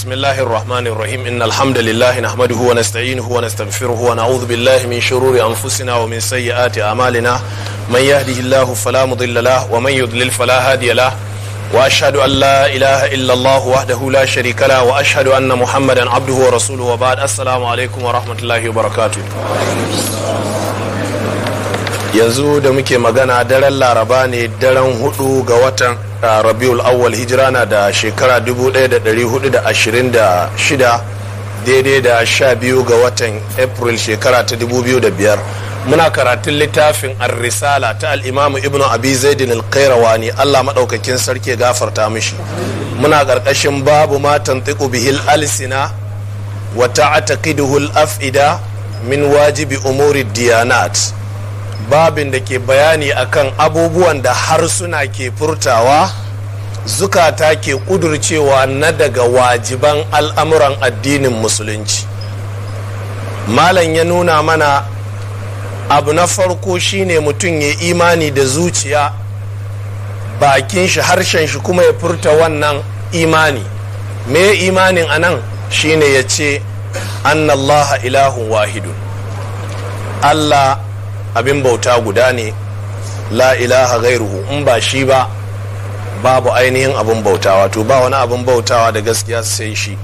بسم الله الرحمن الرحيم إن الحمد لله نحمده ونستعينه ونستغفره ونعوذ بالله من شرور أنفسنا ومن سيئات أعمالنا من يهده الله فلا مضل له ومن يضلل فلا هادي له وأشهد أن لا إله إلا الله وحده لا شريك له وأشهد أن محمدا عبده ورسوله وبعد السلام عليكم ورحمة الله وبركاته yanzu da muke magana daren laraba ne daren hudu ga watan rabiul awwal hijira na da shekara 1426 daidai da sha biyu ga watan april shekara ta da biyar. muna karatun littafin ar-risala ta al-imamu ibnu abi zaidin al-qayrawani Allah madaukakin sarki gafarta mishi muna ƙarƙashin babu matan tantiqu bihil alsina wa ta'taqiduhu al-af'ida min wajibi umuri diyanat babin da ke bayani akan abubuwan da harsuna ke furtawa zukata ke kudurcewa na daga wajiban al'amuran addinin musulunci malam ya nuna mana abu na farko shine mutum ya imani da zuciya bakin shi harshen shi kuma ya furta wannan imani me imanin anan shine ya ce annallaha ilahun wahidu allah abin bauta guda ne la ilaha gairuhu in ba shi ba babu ainihin abin bautawa. To ba wani abin bautawa da gaskiya sai shi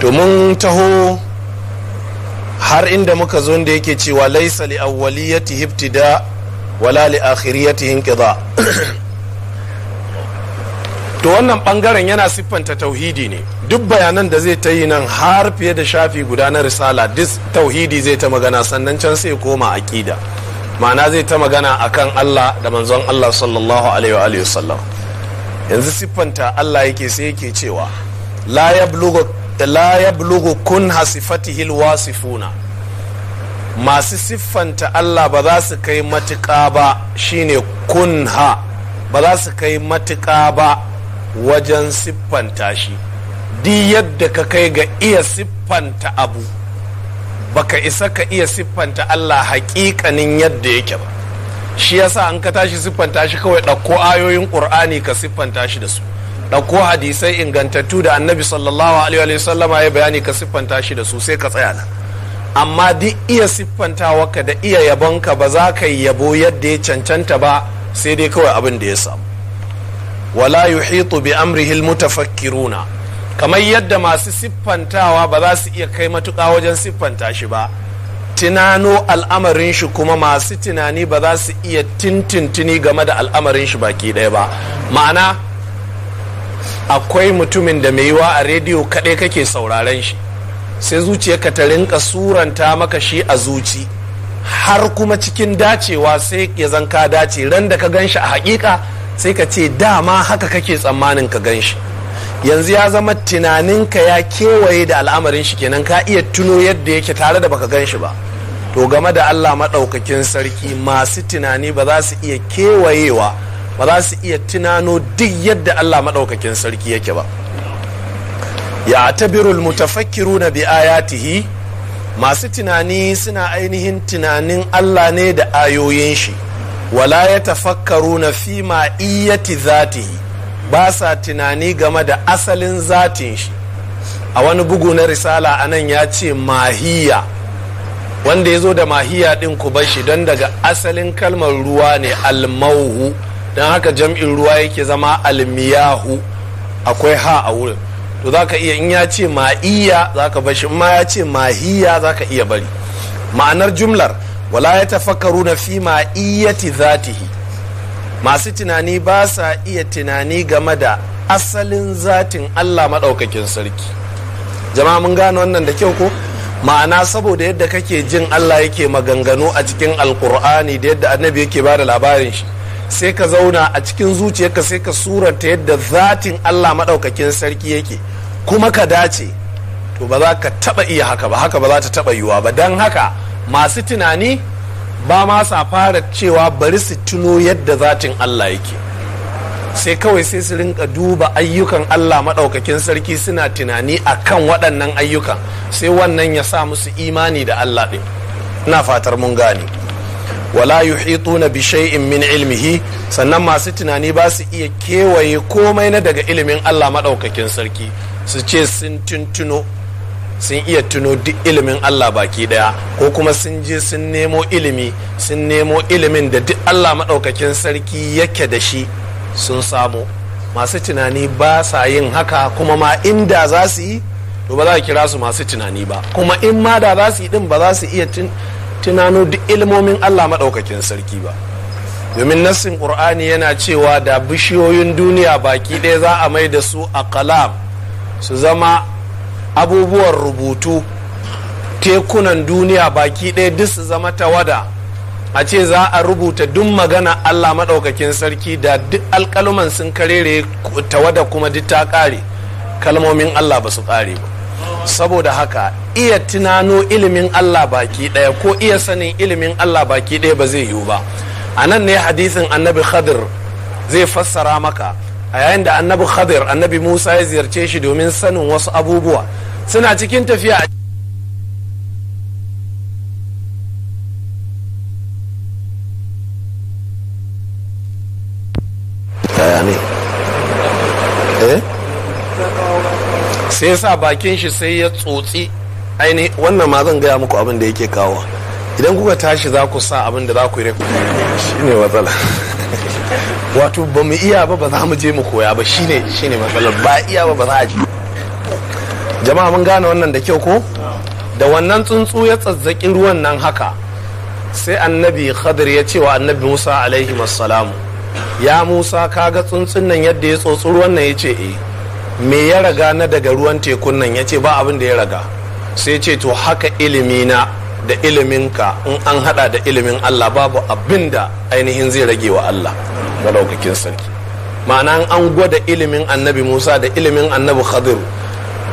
to mun taho har inda muka zo da yake cewa laisa li awwaliyati ibtida wala li akhiriyati inqida to wannan bangaren yana siffanta tauhidi ne duk bayanan da zai ta yi nan har fiye da shafi guda na risala duk tauhidi zai ta magana sannan can sai koma aƙida ma'ana zai ta magana akan allah da manzon allah sallallahu alaihi wa sallam yanzu siffanta allah yake sai yake cewa la yablugu kun hasifatihi alwasifuna masu siffanta allah ba za su kai matuƙa ba shine kunha ba za su kai matuƙa ba wajen siffanta shi duk yadda ka kai ga iya siffanta abu baka isa ka iya siffanta Allah hakikanin yadda yake ba shi yasa an ka tashi siffanta shi kawai ɗauko ayoyin ƙur'ani ka siffanta shi da su ɗauko hadisai ingantattu da annabi sallallahu alaihi wa sallama ya bayani ka siffanta shi da su sai ka tsaya nan amma duk iya siffantawa ka da iya yabonka ba za ka yi yabo yadda ya cancanta ba sai dai kawai abin da ya samu wala yuhitu bi amrihi almutafakkiruna kamar yadda masu siffantawa ba za su iya kai matuƙa wajen siffanta shi ba tunano al'amarin shi kuma masu tunani ba za su iya tintintini game da al'amarin shi baki ɗaya ba ma'ana akwai mutumin da mai yiwa a rediyo kaɗai kake sauraren shi sai zuciyarka ta rinka suranta maka shi a zuci har kuma cikin dacewa sai ya zanka dace ran da ka gan shi a haƙiƙa sai ka ce dama haka kake tsammanin ka gan shi yanzu ya zama tunaninka ya kewaye da al'amarin shi kenan ka iya tuno yadda yake tare da baka gan shi ba to game da allah maɗaukakin sarki masu tunani ba za su iya kewayewa ba za su iya tunano duk yadda allah maɗaukakin sarki yake ba ya tabirul mutafakkiru na bi ayatihi masu tunani suna ainihin tunanin allah ne da ayoyin shi wala ya tafakkaru na fi ma'iyyati zatihi ba sa tunani game da asalin zatin shi a wani bugu na risala a nan ya ce mahiya wanda ya zo da mahiya ɗin ku bashi don daga asalin kalmar ruwa ne almauhu don haka jam'in ruwa yake zama almiyahu akwai ha a wurin to za ka iya in ya ce ma'iya za ka bashi in ma ya ce mahiya za ka iya bari ma'anar jumlar wala ya karu na fi ma iyati zatihi masu tunani ba sa iya tunani game da asalin zatin allah maɗaukakin sarki Jama mun gano wannan da kyau ko ma'ana saboda yadda kake jin allah yake maganganu a cikin alkur'ani da yadda annabi yake ba da labarin shi sai ka zauna a cikin zuciyarka sai ka surata yadda zatin allah maɗaukakin sarki yake kuma ka dace to ba za ka taɓa iya haka ba haka ba za ta taɓa yiwuwa ba don haka masu tunani ba ma sa fara cewa bari su tuno yadda zatin Allah yake sai kawai sai su rinka duba ayyukan Allah maɗaukakin sarki suna tunani a kan waɗannan ayyukan sai wannan ya sa musu imani da Allah ɗin na fatar mun gane wala yuhituna bi shay'in min ilmihi sannan masu tunani ba su iya kewaye komai na daga ilimin Allah maɗaukakin sarki su ce sun tuntuno sun iya tuno duk ilimin Allah baki daya ko kuma sun je sun nemo ilimi sun nemo ilimin da duk Allah maɗaukakin sarki yake da shi sun samu masu tunani ba sa yin haka kuma ma inda za su yi to ba za a kira su masu tunani ba kuma in ma da za su yi din ba za su iya tunano duk ilimomin Allah maɗaukakin sarki ba domin nassin ƙur'ani yana cewa da bishiyoyin duniya baki ɗaya za a mai da su a kalam su zama abubuwan rubutu tekunan duniya baki ɗaya duk su zama tawada a ce za a rubuta duk magana allah maɗaukakin sarki da duk alƙaluman sun karere tawada kuma duk ta ƙare kalmomin allah ba su ƙare ba saboda haka iya tunano ilimin allah baki ɗaya ko iya sanin ilimin allah baki ɗaya ba zai yiwu ba a nan ne hadisin annabi khadir zai fassara maka a yayin da annabi khadir annabi musa ya ziyarce shi domin sanin wasu abubuwa suna cikin tafiya eh? sai sa bakin shi sai ya tsotsi aini wannan ma zan gaya muku abin da yake kawo idan kuka tashi za ku sa abin da za ku yi shi ne matsala wato ba mu iya ba ba za mu je mu koya ba shine shine matsalar ba iya ba ba za a ji jama'a mun gane wannan da kyau ko da wannan tsuntsu ya tsazzaki ruwan nan haka sai annabi khadir ya ce wa annabi musa alaihi salamu ya musa ka ga tsuntsun nan yadda ya tsotsi ruwan nan ya ce eh me ya raga na daga ruwan tekun nan ya ce ba abin da ya raga sai ce to haka ilimi na da iliminka in an hada da ilimin allah babu abin da ainihin zai rage wa allah malaukakin sarki ma'ana an gwada ilimin annabi musa da ilimin annabi khadir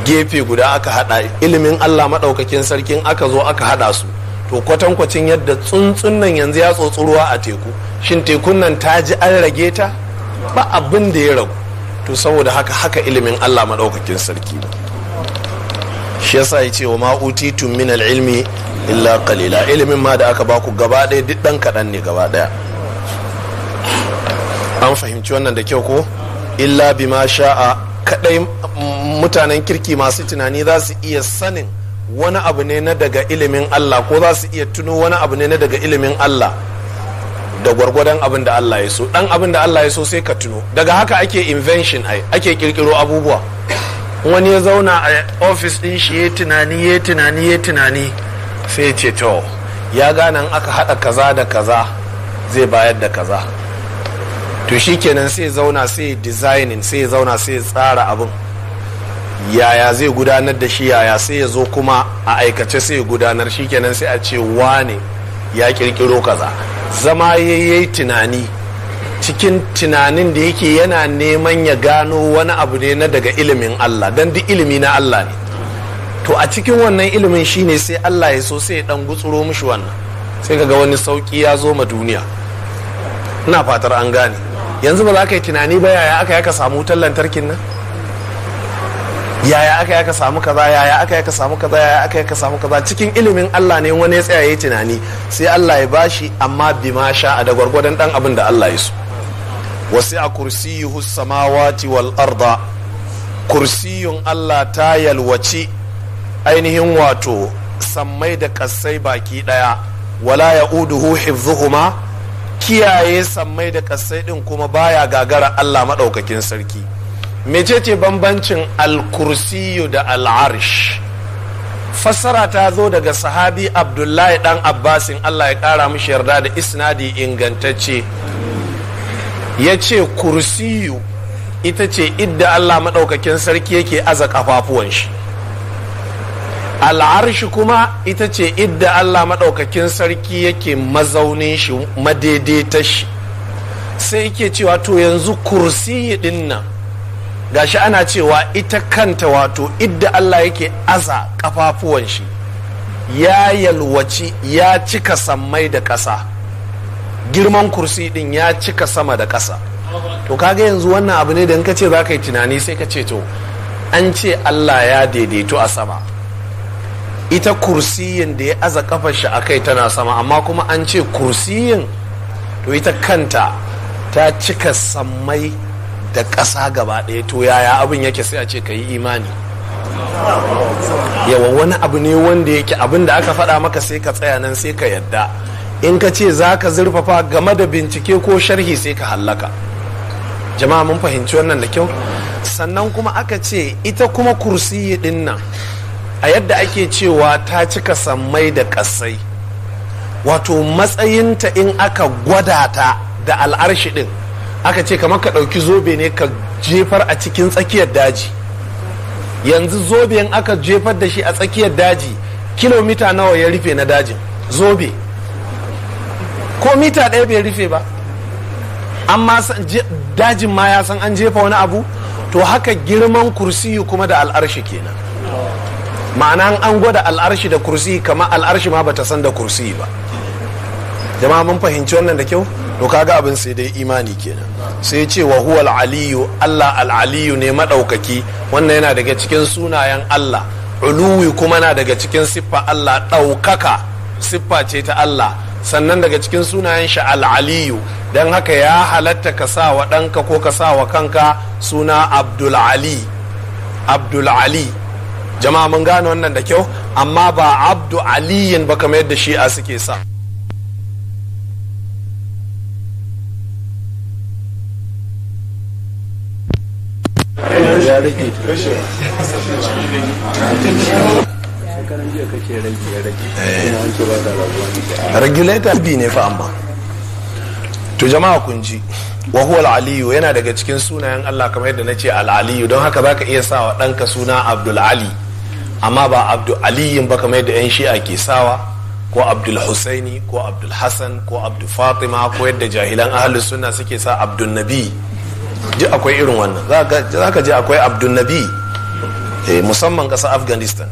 gefe guda aka hada ilimin allah maɗaukakin sarkin aka zo aka hada su to kwatankwacin yadda tsuntsun nan yanzu ya tsotsuruwa a teku shin tekun nan ta ji an rage ta ba abin da ya ragu to saboda haka haka ilimin allah maɗaukakin sarki ne shi yasa ya ce wa tun min ilmi illa kalila ilimin ma da aka baku gaba ɗaya duk ɗan kaɗan ne gaba ɗaya an fahimci wannan da kyau ko illa ma sha'a kadai mutanen kirki masu tunani za su iya sanin wani abu ne na daga ilimin Allah ko za su iya tuno wani abu ne na daga ilimin Allah da gwargwadon abin da Allah ya so dan abin da Allah ya so sai ka tuno daga haka ake invention ai ake kirkiro abubuwa wani ya zauna a ofis din shi ya tunani ya tunani ya tunani sai ya ce to ya gane aka hada kaza da kaza zai bayar da kaza to shikenan sai zauna sai designing sai zauna sai tsara abin yaya zai gudanar da shi yaya sai ya zo kuma a aikace sai gudanar shikenan sai a ce wane ya kirkiro kaza zama yayi tunani cikin tunanin da yake yana neman ya gano wani abu ne na daga ilimin Allah don duk ilimi na Allah ne to a cikin wannan ilimin shine sai Allah ya so sai ya dan gutsuro mushi wannan sai kaga wani sauki ya zo ma duniya ina fatar an gane yanzu ba za ka yi tunani ba yaya aka yaka samu wutar lantarkin nan yaya aka yaka samu kaza yaya aka yaka samu kaza yaya aka yaka samu kaza cikin ilimin Allah ne wani ya tsaya ya tunani sai Allah ya bashi amma bi ma sha da gwargwadon dan abin da Allah ya so wasi a kursiyuhu samawati wal arda kursiyun Allah ta yalwaci ainihin wato sammai da kassai baki daya wala ya'uduhu hifzuhuma. kiyaye sammai da kasai din kuma baya gagara Allah maɗaukakin sarki mecece bambancin alkursiyu da al'arish fassara ta zo daga sahabi abdullahi dan abbasin Allah ya ƙara mishi yarda da isnadi ingantacce ya ce kursiyu ita ce idda Allah maɗaukakin sarki yake aza kafafuwan shi al'arshi kuma ita ce idda Allah maɗaukakin sarki yake mazaunin shi madaidaita shi sai yake cewa to yanzu kursi din nan gashi ana cewa ita kanta wato idda Allah yake aza ƙafafuwan shi ya yalwaci ya cika sammai da ƙasa girman kursi ɗin ya cika sama da ƙasa to kaga yanzu wannan abu ne da in ka ce za yi tunani sai ka ce to an ce Allah ya daidaito a sama ita kursiyin da ya aza kafar shi a kai tana sama amma kuma an ce kursiyin to ita kanta ta cika sammai da ƙasa gaba ɗaya to yaya abin yake sai a ce ka yi imani yawa wani abu ne wanda yake abin da aka faɗa maka sai ka tsaya nan sai ka yadda in ka ce za ka zurfafa game da bincike ko sharhi sai ka hallaka jama'a mun fahimci wannan da kyau sannan kuma aka ce ita kuma kursiyi ɗin a yadda ake cewa ta cika sammai da ƙasai wato matsayinta in aka gwada ta da al'arshi ɗin aka ce kamar ka ɗauki zobe ne ka jefar a cikin tsakiyar daji yanzu zobe in aka jefar da shi a tsakiyar daji kilomita nawa ya rufe na dajin zobe ko mita ɗaya bai rufe ba amma dajin ma ya san an jefa wani abu to haka girman kursiyu kuma da al'arshi kenan ma'ana an gwada al'arshi da kursi kama al'arshi ma bata san da kursi ba jama'a mun fahimci wannan da kyau to kaga abin sai dai imani kenan sai ce wa huwa aliyu Allah al'aliyu ne maɗaukaki. wannan yana daga cikin sunayen Allah uluwi kuma na daga cikin siffa Allah daukaka siffa ce ta Allah sannan daga cikin sunayen shi al'aliyu don haka ya halatta ka sa wa ɗanka ko ka sa wa kanka suna abdul ali abdul ali jama'a mun gane wannan da kyau amma ba abdu aliyin ba kamar yadda shi'a suke sa eh. regulator bi ne fa amma to jama'a kun ji wa huwa aliyu yana daga cikin sunayen Allah kamar yadda na al aliyu don haka zaka iya sa wa ɗanka suna abdul ali amma ba abdu aliyin ba kamar yadda 'yan shi'a ke sawa ko abdul husaini ko abdul hassan ko abdul fatima ko yadda jahilan ahalus suna suke sa abdul nabi ji akwai irin wannan za ka ji akwai abdul nabi eh, musamman kasa afghanistan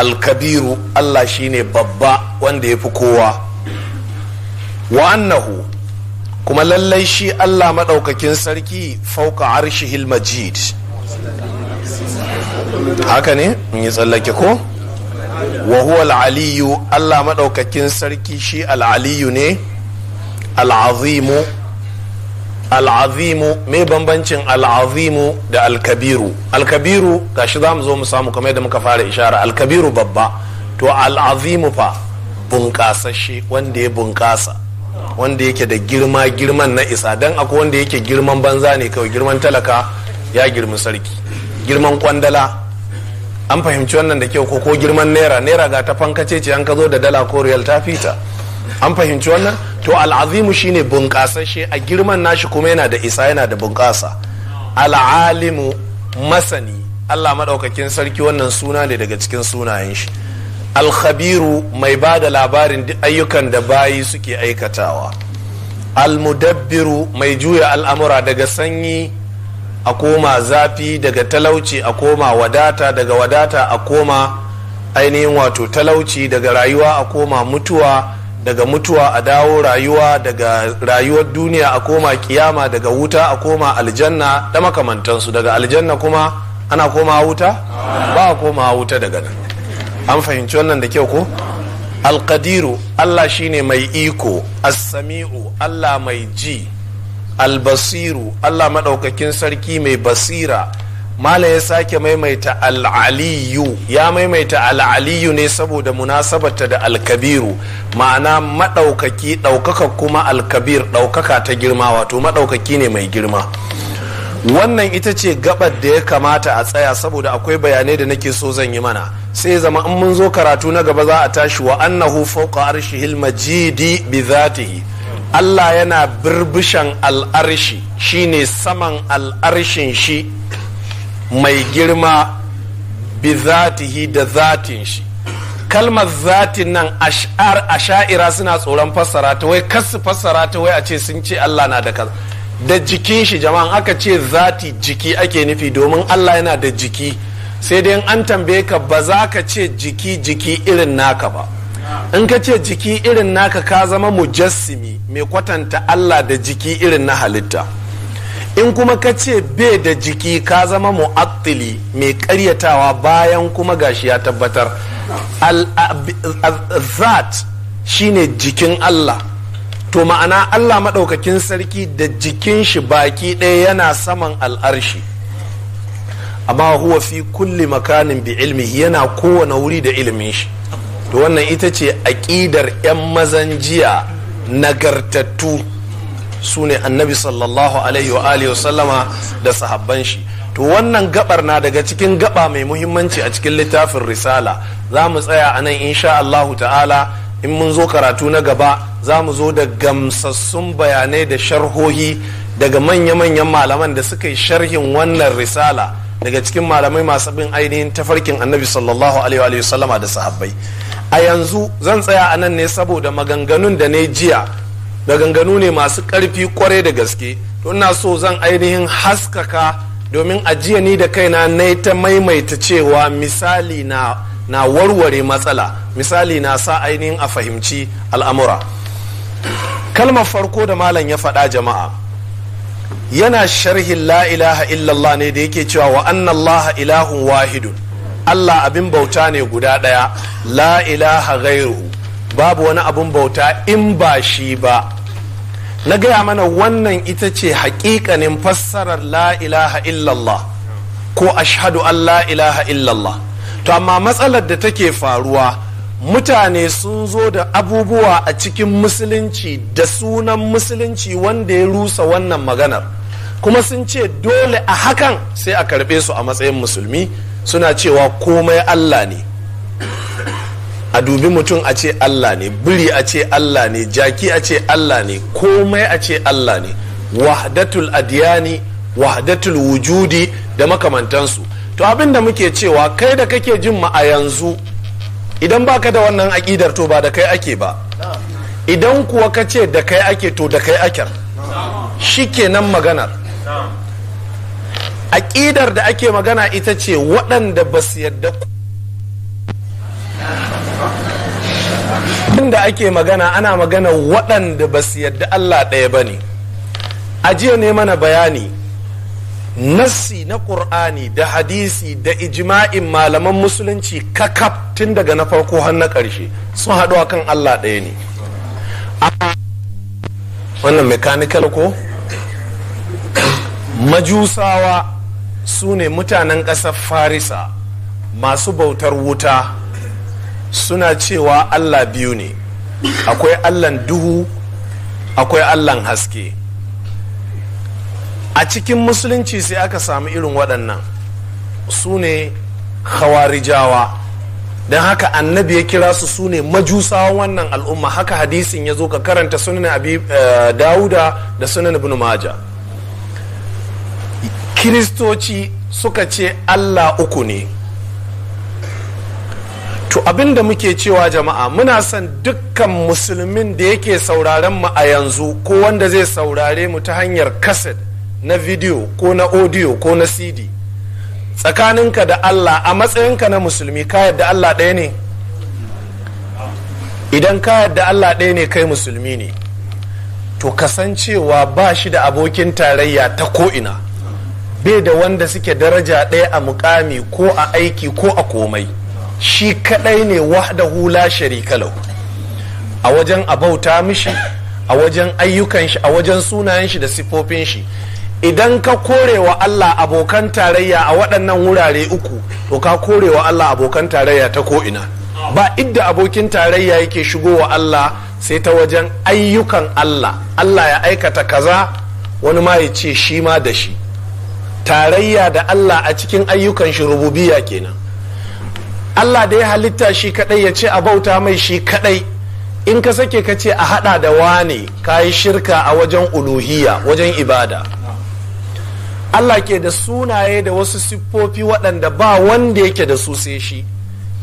alkabiru allah shine babba wanda ya fi kowa wa annahu kuma lallai shi allah maɗaukakin sarki fauka arshi majid haka ne mun yi tsallake ko wa huwa aliyu Allah madaukakin sarki shi al'aliyu ne al'azimu al'azimu me bambancin al'azimu da alkabiru alkabiru gashi za mu zo mu samu kamar yadda muka fara ishara alkabiru babba to al'azimu fa bunƙasashe wanda ya bunƙasa wanda yake da girma girman na isa dan akwai wanda yake girman banza ne kawai girman talaka ya girmi sarki girman kwandala an fahimci wannan da kyau ko ko girman naira naira ga ta fankace ce an ka zo da dala ko riyal ta fita an fahimci wannan to al'azimu shine bunƙasashe a girman nashi kuma yana da isa yana da bunƙasa al'alimu masani allah maɗaukakin sarki wannan suna ne daga cikin sunayen shi alkhabiru mai ba da labarin ayyukan da bayi suke aikatawa almudabbiru mai juya al'amura daga sanyi a koma zafi daga talauci a koma wadata daga wadata a koma ainihin wato talauci daga rayuwa a koma mutuwa daga mutuwa a dawo rayuwa daga rayuwar duniya a koma kiyama daga wuta a koma aljanna da makamantansu daga aljanna kuma ana koma wuta ba a koma wuta daga nan an fahimci wannan da kyau ko alkadiru allah shine mai iko as allah mai ji albasiru allah maɗaukakin sarki mai basira mala ya sake maimaita al'aliyu ya maimaita al'aliyu ne saboda munasabata da alkabiru ma'ana maɗaukaki ɗaukaka kuma alkabir ɗaukaka ta girma wato maɗaukaki ne mai girma wannan ita ce gabar da ya kamata a tsaya saboda akwai bayanai da nake so zan yi mana sai zama in mun zo karatu na gaba za a tashi wa annahu fawqa arshihil majidi bi zatihi Allah yana birbishan al'arshi shine saman al'arshin shi mai girma bi zatihi da zatin shi kalmar zatin nan a sha'ira suna tsoron fassara ta wai kasu fassara ta wai a ce sun ce Allah na da kaza da jikin shi jama'an aka ce zati jiki ake nufi domin Allah yana da jiki sai dai an tambaye ka ba za ka ce jiki jiki irin naka ba in ka ce jiki irin naka ka zama mujassimi mai kwatanta Allah da jiki irin na halitta in kuma ka ce bai da jiki ka zama mu'attili mai karyatawa bayan kuma gashi ya tabbatar al-zat shine jikin Allah to ma'ana Allah maɗaukakin sarki da jikin shi baki ɗaya yana saman al'arshi amma huwa fi kulli makanin bi ilmi yana kowane wuri da ilimin shi to wannan ita ce aƙidar 'yan mazan jiya nagartattu su ne annabi sallallahu alaihi wa sallama da sahabban shi to wannan gabar na daga cikin gaba mai muhimmanci a cikin littafin risala za mu tsaya a nan insha Allah ta'ala in mun zo karatu na gaba za mu zo da gamsassun bayanai da sharhohi daga manya-manyan malaman da suka yi sharhin wannan risala daga cikin malamai masu bin ainihin tafarkin annabi sallallahu alaihi wa sallama da sahabbai a yanzu zan tsaya a nan ne saboda maganganun da ne jiya maganganu ne masu ƙarfi kwarai da gaske to ina so zan ainihin haskaka domin ajiya ni da kaina na ta maimaita cewa misali na na warware matsala misali na sa ainihin a fahimci al'amura kalmar farko da malam ya faɗa jama'a yana sharhin la ilaha illallah ne da yake cewa wa annallaha ilahun wahidun Allah abin bauta ne guda ɗaya la ilaha gairu babu wani abin bauta in ba shi ba na gaya mana wannan ita ce hakikanin fassarar la ilaha illallah ko ashhadu an la ilaha illallah to amma matsalar da take faruwa mutane sun zo da abubuwa a cikin musulunci da sunan musulunci wanda ya rusa wannan maganar kuma sun ce dole a hakan sai a karɓe su a matsayin musulmi suna cewa komai allah ne a dubi mutum a ce allah ne biri a ce allah ne jaki a ce allah ne komai a ce allah ne wahdatul adiyani wahdatul wujudi da makamantansu to abin da muke cewa kai da kake jin ma a yanzu idan baka da wannan aƙidar to ba da kai ake ba idan kuwa ka ce da kai ake to da kai akar shikenan maganar aƙidar da ake magana ita ce waɗanda ba su yadda da ake magana ana magana waɗanda ba su yadda Allah ɗaya ba ne jiya ne mana bayani nassi na ƙur'ani da hadisi da ijma'in malaman musulunci kakaf tun daga na farko har na ƙarshe sun haɗu kan Allah ɗaya ne wannan mechanical ko majusawa su ne mutanen ƙasar farisa masu bautar wuta suna cewa allah biyu ne akwai allan duhu akwai allan haske a cikin musulunci sai aka samu irin waɗannan su ne khawarijawa don haka annabi ya kira su sune majusawan wannan al'umma haka hadisin ya zo ka karanta sunan abi eh, dauda da sunan ibn maja kiristoci suka ce allah uku ne to abin da muke cewa jama'a muna son dukkan musulmin da yake sauraren mu a yanzu ko wanda zai saurare mu ta hanyar kaset na video ko na audio ko na cd tsakaninka da Allah a matsayinka na musulmi ka yadda Allah ɗaya ne idan ka yadda Allah ɗaya ne kai musulmi ne to kasancewa ba shi da abokin tarayya ta ko'ina bai da wanda suke daraja ɗaya a mukami ko a aiki ko a komai shi kaɗai ne wahdahu hula sharikalau a wajen abauta mishi a wajen ayyukan shi a wajen sunayen shi da siffofin shi idan ka kore wa Allah abokan tarayya a waɗannan wurare uku to ka kore wa Allah abokan tarayya ta ko'ina ba idda abokin tarayya yake shigo wa Allah sai ta wajen ayyukan Allah Allah ya aikata kaza wani ma ya ce shi ma da shi tarayya da Allah a cikin ayyukan shi rububiya kenan Allah da ya halitta shi kadai ya ce a bauta mai shi kadai in ka sake ka ce a hada da wane ka yi shirka a wajen uluhiya wajen ibada Allah ke da sunaye da wasu siffofi waɗanda ba wanda yake da su sai shi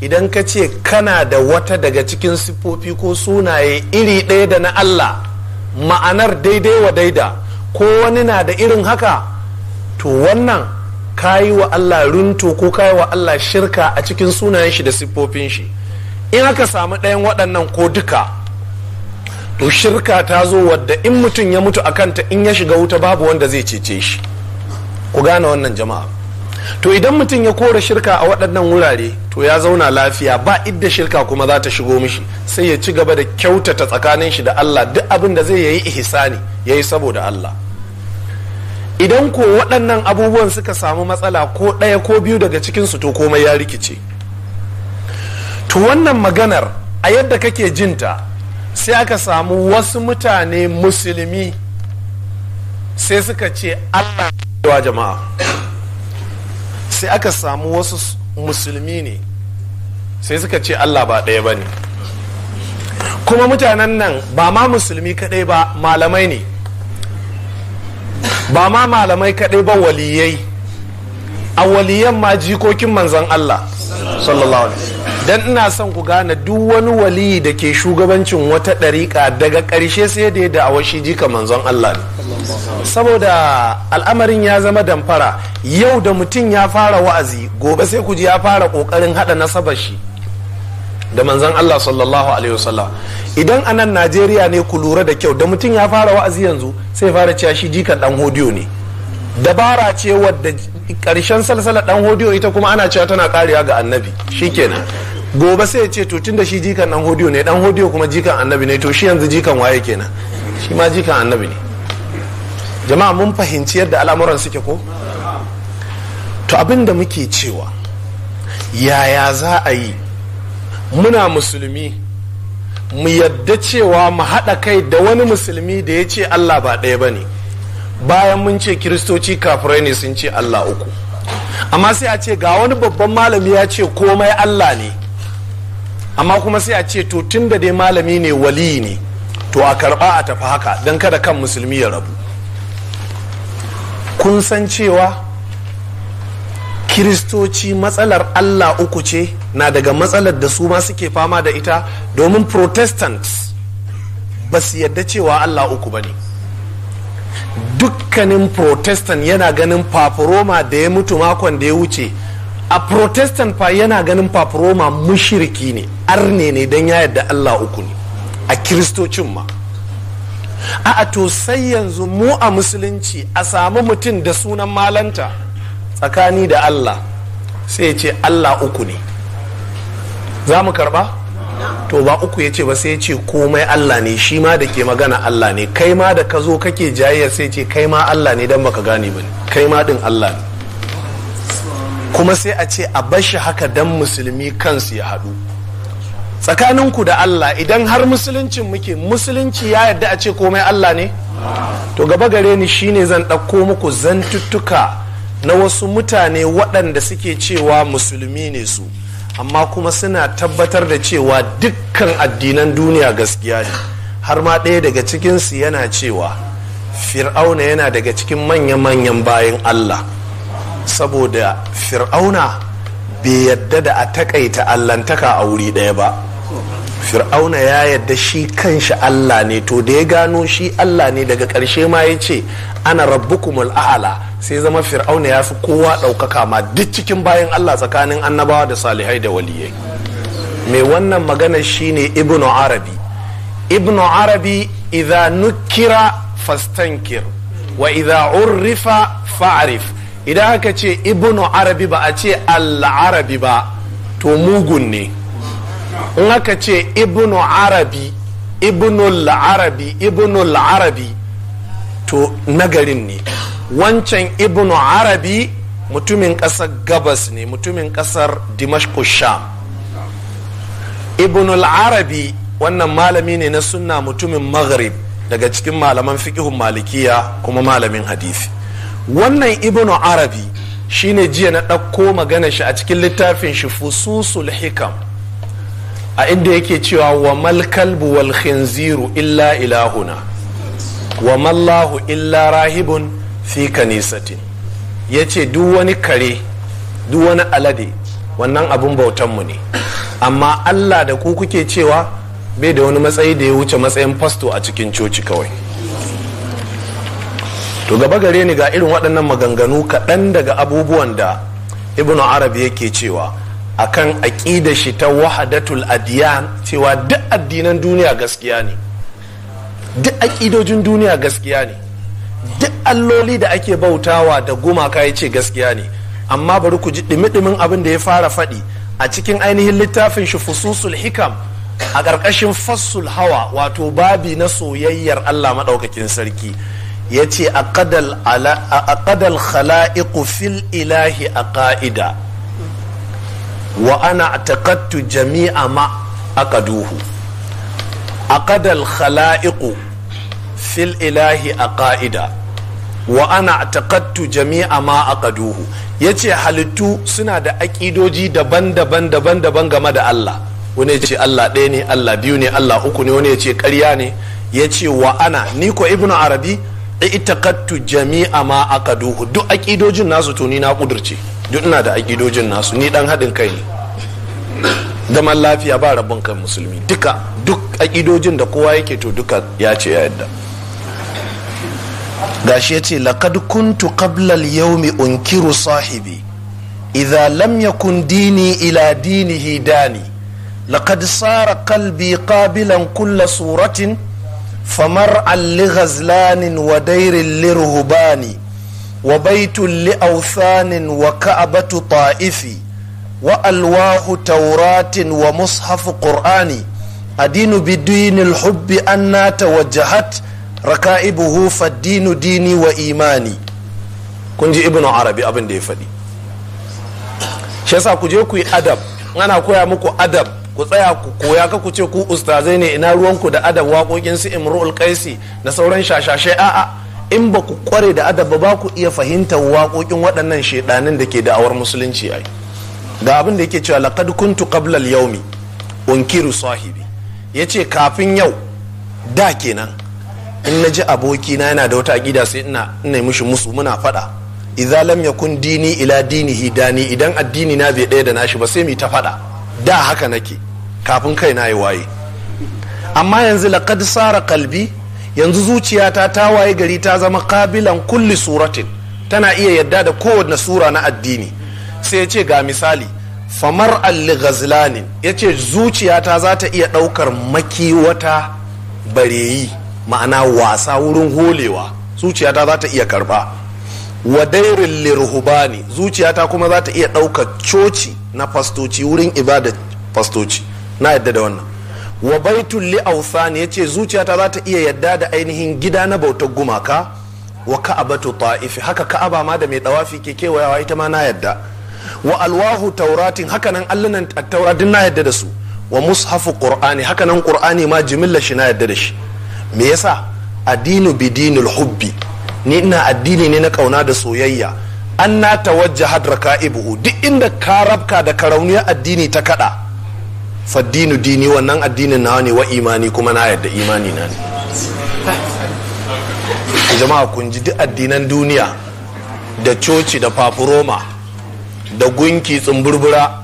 idan ka ce kana da wata daga cikin siffofi ko sunaye iri ɗaya da na Allah ma'anar daidai wa daida ko wani na da irin haka to wannan ka yi wa Allah runto ko ka yi wa Allah shirka a cikin sunayen shi da siffofin shi in aka samu ɗayan waɗannan ko duka to shirka ta zo wadda in mutum ya mutu a kanta in ya shiga wuta babu wanda zai cece shi ku gane wannan jama'a to idan mutum ya kora shirka a waɗannan wurare to ya zauna lafiya ba idda shirka kuma za ta shigo mishi sai ya ci gaba da kyautata tsakanin shi da Allah duk abin da zai yayi ihsani yayi saboda Allah idan ko waɗannan abubuwan suka samu matsala ko ɗaya ko biyu daga cikin su to komai ya rikice to wannan maganar a yadda kake jinta sai aka samu wasu mutane musulmi sai suka ce allah cewa jama'a sai aka samu wasu musulmi ne sai suka ce allah ba ɗaya ba ne kuma mutanen nan ba ma musulmi kaɗai ba malamai ne ba ma malamai kaɗai ba waliyai a waliyan ma jikokin manzan allah sallallahu alaihi dan ina son ku gane duk wani wali da ke shugabancin wata ɗariƙa daga ƙarshe sai da da a washi jika manzon Allah ne saboda al'amarin ya zama damfara yau da mutum ya fara wa'azi gobe sai ku ji ya fara ƙoƙarin haɗa nasabar shi da manzon Allah sallallahu alaihi wasallam idan a nan Najeriya ne ku lura da kyau da mutum ya fara wa'azi yanzu sai fara cewa shi jikan dan hodiyo ne dabara ce wadda karshen salsala dan hodiyo ita kuma ana cewa tana kariya ga annabi shikenan gobe sai ya ce to tunda shi jikan dan hodiyo ne dan hodiyo kuma jikan annabi ne to shi yanzu jikan waye kenan shi ma jikan annabi ne jama'a mun fahimci yadda al'amuran suke ko to abin da muke cewa yaya za a yi muna musulmi mu yadda cewa mu haɗa kai da wani musulmi da ya ce allah ba ɗaya ba ne bayan mun ce kiristoci kafirai ne sun ce allah uku amma sai a ce ga wani babban malami ya ce komai allah ne amma kuma sai a ce to tun da dai malami ne wali ne to a karba a tafi haka don kada kan musulmi ya rabu kun san cewa kiristoci matsalar allah uku ce na daga matsalar da su ma suke fama da ita domin protestants ba su yadda cewa allah uku ba ne dukkanin protestant yana ganin paparoma da ya mutu makon da ya wuce a protestant fa yana ganin paparoma mushiriki ne arne ne don ya yadda allah uku ne a kiristocin ma a to sai yanzu mu a musulunci a samu mutum da sunan malanta tsakani da allah sai ya ce allah uku ne za mu karba to ba uku ya ce ba sai ya ce komai Allah ne shi ma da ke magana Allah ne kai ma da ka zo kake jayayya sai ce kai ma Allah ne don baka gane ba kai ma din Allah ne kuma sai a ce a bashi haka don musulmi kansu ya haɗu tsakaninku da Allah idan har musuluncin muke musulunci ya yarda a ce komai Allah ne to gaba gare ni shine zan ɗauko muku zantuttuka na wasu mutane waɗanda suke cewa musulmi ne su amma kuma suna tabbatar da cewa dukkan addinan duniya gaskiya ne har ma ɗaya daga cikinsu yana cewa fir'auna yana daga cikin manya-manyan bayan allah saboda fir'auna bai yadda da a takaita allantaka a wuri ɗaya ba fir'auna ya yadda shi kanshi allah ne to da ya gano shi allah ne daga ƙarshe ma ya ce ana rabbukumul a'ala sai zama fir'auna ya fi kowa ɗaukaka ma duk cikin bayan allah tsakanin annabawa da salihai da waliyai mai wannan magana shine ibnu arabi ibnu arabi idha nukira fastankir wa idha urrifa fa'arif idan aka ce ibnu arabi ba a ce al'arabi ba to mugun ne in aka ce ibnu arabi ibnu al'arabi ibnu al'arabi to nagarin ne wancan ibnu arabi mutumin ƙasar gabas ne mutumin ƙasar dimashku sham ibnu arabi wannan malami ne na sunna mutumin maghrib daga cikin malaman fiƙihun malikiya kuma malamin hadisi wannan ibnu arabi shine jiya na ɗauko magana shi a cikin littafin shi fususul hikam a inda yake cewa wa malkalbu wal khinziru illa ilahuna wa mallahu illa rahibun fi kanisati ya ce duk wani kare duk wani alade wannan abun bautanmu ne amma allah da ku kuke cewa bai da wani matsayi da ya wuce matsayin fasto a cikin coci kawai to gaba gare ni ga irin waɗannan maganganu kaɗan daga abubuwan da ibnu arabi yake cewa akan aƙida shi ta wahadatul adiyan cewa duk addinan duniya gaskiya ne duk aƙidojin duniya gaskiya ne duk alloli da ake bautawa da gumaka ya ce gaskiya ne amma bari ku ji dimi-dimin abin da ya fara faɗi a cikin ainihin littafin shi fususul hikam a ƙarƙashin fassul hawa wato babi na soyayyar allah maɗaukakin sarki ya ce a ƙadal khala'iku fil ilahi a ƙa'ida wa ana taƙattu jami'a ma a ƙaduhu a ƙadal khala'iku. fil ilahi a ƙa'ida wa ana taƙattu jami'a ma a ƙaduhu ya ce halittu suna da aƙidoji daban-daban daban-daban game da Allah wani ya ce Allah ɗaya ne Allah biyu ne Allah uku ne wani ya ce ƙarya ne ya ce wa ana ni ko ibnu arabi itaƙattu jami'a ma a ƙaduhu duk aƙidojin nasu to ni na ƙudurce duk ina da aƙidojin nasu ni ɗan haɗin kai ne zaman lafiya ba rabon kan musulmi duka duk aƙidojin da kowa yake to duka ya ce ya yadda gashi ya ce laƙad kuntu qablal yaumi unkiru sahibi idha lam yakun dini ila dini hidani laƙad tsara kalbi ƙabilan kulle suratin famar alli ghazlanin wa dairin ne. wa baitun li'authanin wa ka'abatu ta'ifi wa alwahu tauratin wa mushafu ƙur'ani. adinu bidinin hubbi an na tawajjahat raka'ibuhu faddinu dini wa imani kun ji ibnu arabi abin da ya faɗi shi yasa ku je ku yi adab ana koya muku adab ku tsaya ku koya ka ku ce ku ustazai ne ina ruwanku da adab waƙoƙin su imru'ul qaisi da sauran shashashe a'a in ba ku kware da adab ba ku iya fahimtar waƙoƙin waɗannan shedanin da ke da'awar musulunci ai ga abin da yake cewa laqad kuntu qabla al-yawmi unkiru sahibi yace kafin yau da kenan in na ji abokina yana da wata aƙida sai ina ina mushi musu muna faɗa idza lam yakun dini ila dinihi dani idan addini na bai ɗaya da nashi ba sai mu ta faɗa da haka nake kafin kai na yi waye amma yanzu laqad sara qalbi yanzu zuciyata ta waye gari ta zama kabilan kulli suratin tana iya yadda da kowane sura na addini sai ya ce ga misali famar alli ghazlanin ya ce zuciyata za ta iya ɗaukar maki wata bareyi ma'ana wasa wurin holewa zuciyata za ta iya karba wadairin lirhubani zuciyata kuma za ta iya ɗaukar coci na fastoci wurin ibada fastoci na yadda da wannan wa baitul li ya yace zuciyata za ta iya yadda da ainihin gida na bautar gumaka wa ka'abatu ta'ifi haka ka'aba ma da mai tsawafi ke kewayawa ita ma na yadda wa alwahu tauratin hakanan allunan taura din na yadda da su wa mushafu qur'ani hakanan qur'ani ma jimilla shi na yadda da shi me yasa addinu bidinul hubbi ni ina addini ne na kauna da soyayya an na tawajja hadraka ibuhu duk inda ka rabka da karauniyar addini ta kada faddinu dini wannan addinin nawa ne wa imani kuma na yadda imani na ne jama'a kun ji duk addinan duniya da coci da fafuroma da gunki tsumburbura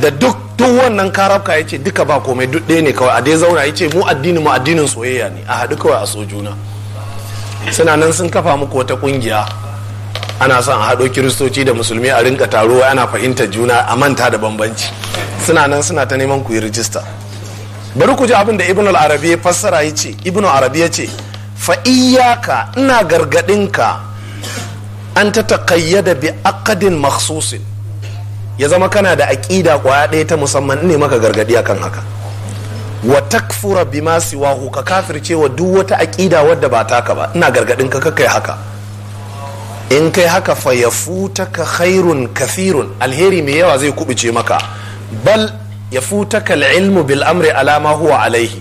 da duk duk wannan karabka ya ce duka ba komai duk ɗaya ne kawai a dai zauna ya ce mu addini mu addinin soyayya ne a haɗu kawai a so juna suna nan sun kafa muku wata ƙungiya ana son a haɗo kiristoci da musulmi a rinka taruwa ana fahimtar juna a manta da bambanci suna nan suna ta neman ku yi rijista bari ku ji abin da ibn al-arabi ya fassara ya ce ibn al-arabi ya ce fa iyyaka ina ka. an ta da bi aqdin makhsusin ya zama kana da aƙida ƙwaya ɗaya ta musamman ne maka gargaɗi akan haka wa takfura bima wahu ka kafircewa duk wata aƙida wadda ba taka ba ina gargaɗin ka kai haka in kai haka fa ya futa ka khairun kafirun alheri mai yawa zai kubuce maka bal ya futa ka ilmu bil amri alama huwa alaihi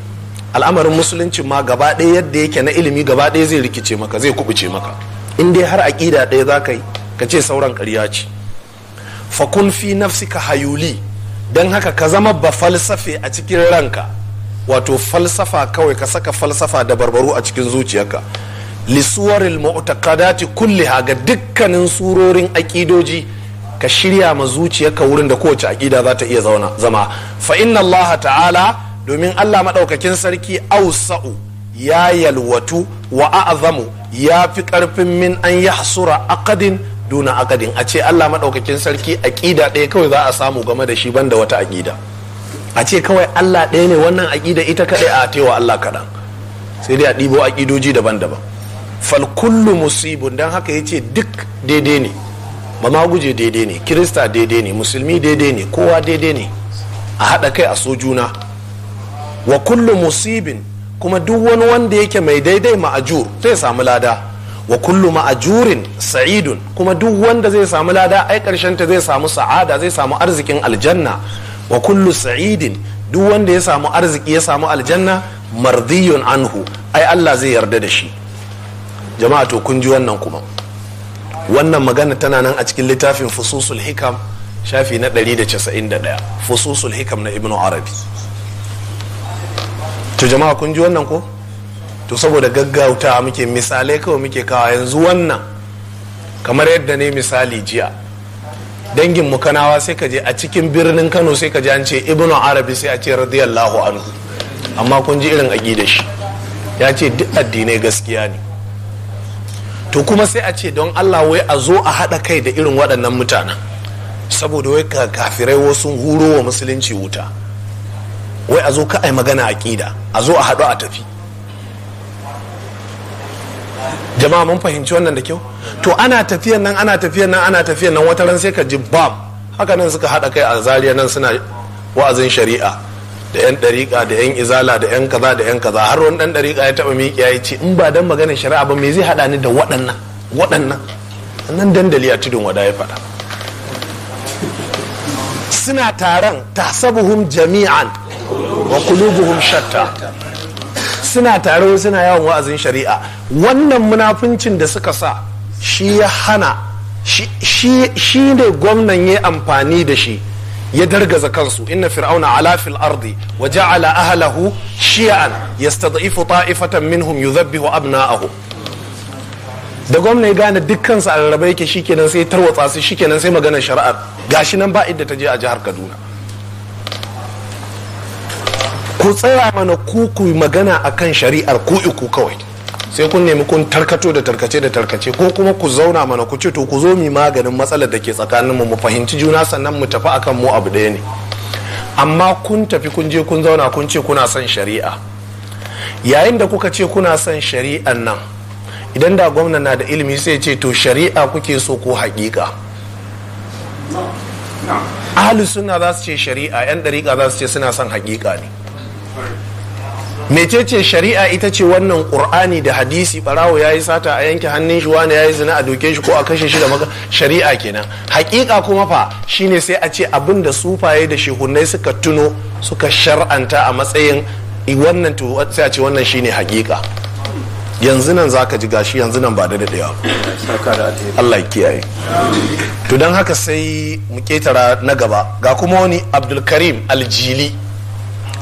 al'amarin musulunci ma gaba ɗaya yadda yake na ilimi gaba ɗaya zai rikice maka zai kubuce maka in dai har aƙida ɗaya za ka yi ka ce sauran ƙarya ce fakun fi nafsika hayuli don haka ka zama ba falsafe a cikin ranka wato falsafa kawai ka saka falsafa da barbaru a cikin zuciyarka lisuwaril mu'taqadati kulliha ga dukkanin surorin aƙidoji ka shirya ma zuciyarka wurin da kowace aƙida za ta iya zama fa inna Allah ta'ala domin Allah maɗaukakin sarki ausa'u ya yalwatu wa a'zamu ya fi ƙarfin min an yahsura aqadin duna akadin a ce Allah maɗaukakin sarki aƙida ɗaya kawai za a samu game da shi banda wata aƙida a ce kawai Allah ɗaya ne wannan aƙida ita kaɗai a wa Allah kaɗan sai dai a ɗibo aƙidoji daban-daban fal kullu musibun don haka ya ce duk daidai ne mamaguje daidai ne kirista daidai ne musulmi daidai ne kowa daidai ne a haɗa kai a so juna wa kullu musibin kuma duk wani wanda yake mai daidai ma'ajur zai samu lada wa kullu ma'ajurin sa'idun kuma duk wanda zai samu lada ai karshen ta zai samu sa'ada zai samu arzikin aljanna wa kullu sa'idin duk wanda ya samu arziki ya samu aljanna mardiyun anhu ai Allah zai yarda da shi jama'a to kun ji wannan kuma wannan magana tana nan a cikin littafin fususul hikam shafi na 191 fususul hikam na ibnu arabi to jama'a kun ji wannan ko to saboda gaggauta muke misalai kawai muke kawa yanzu wannan kamar yadda ne misali jiya dangin mu kanawa sai ka je a cikin birnin kano sai ka je an ce ibnu arabi sai a ce radiyallahu anhu amma kun ji irin aƙida shi ya ce duk addinai gaskiya ne to kuma sai a ce don allah wai a zo a haɗa kai da irin waɗannan mutanen saboda wai kafirai wasu huro wa musulunci wuta wai a zo ka ai magana aƙida a zo a haɗu a tafi jama'a mun fahimci wannan da kyau to ana tafiyan nan ana tafiyan nan ana tafiyan nan wata ran sai ka ji bam haka nan suka haɗa kai a zariya nan suna wa'azin shari'a da yan ɗariƙa da yan izala da yan kaza da yan kaza har wani dan ɗariƙa ya taba miƙiya ya ce in ba dan maganin shari'a ba me zai hada ni da waɗannan waɗannan nan dandali a tudun wada ya faɗa suna taron tasabuhum jami'an wa kulubuhum shatta suna tare suna yawon wa'azin shari'a wannan munafuncin da suka sa shi ya hana shi ne gwamnan ya amfani da shi ya dargaza kansu inna fir'auna ala fil ardi wa ja'ala ahlahu shi'an yastad'ifu ta'ifatan minhum yudhabbihu abna'ahum da gwamna ya gane dukkan su a rarrabe yake shikenan sai tarwatsa su shikenan sai maganar shari'ar gashi nan ba idda ta je a jihar Kaduna ku tsaya mana ku ku magana kan shari'ar ku ku kawai sai kun nemi kun tarkato da tarkace da tarkace ko kuma ku zauna mana ku ce to ku zo mu maganin matsalar da ke tsakanin mu mu fahimci juna sannan mu tafi akan mu abu ɗaya ne amma kun tafi kun je kun zauna kun ce kuna son shari'a yayin da kuka ce kuna son shari'an nan idan da gwamna na da ilimi sai ce to shari'a kuke so ko haƙiƙa ahalus suna za su ce shari'a yan ɗariƙa za su ce suna son haƙiƙa ne mecece shari'a ita ce wannan qur'ani da hadisi barawo ya yi sata a yanke hannun shi wani ya yi zina a doke shi ko a kashe shi da maka shari'a kenan hakika kuma fa shine sai a ce abin da sufaye da shehunai suka tuno suka shar'anta a matsayin wannan to sai a ce wannan shine hakika yanzu nan zaka ji gashi yanzu nan ba da daya. Allah ya kiyaye to dan haka sai mu ketara na gaba ga kuma wani Abdulkarim Aljili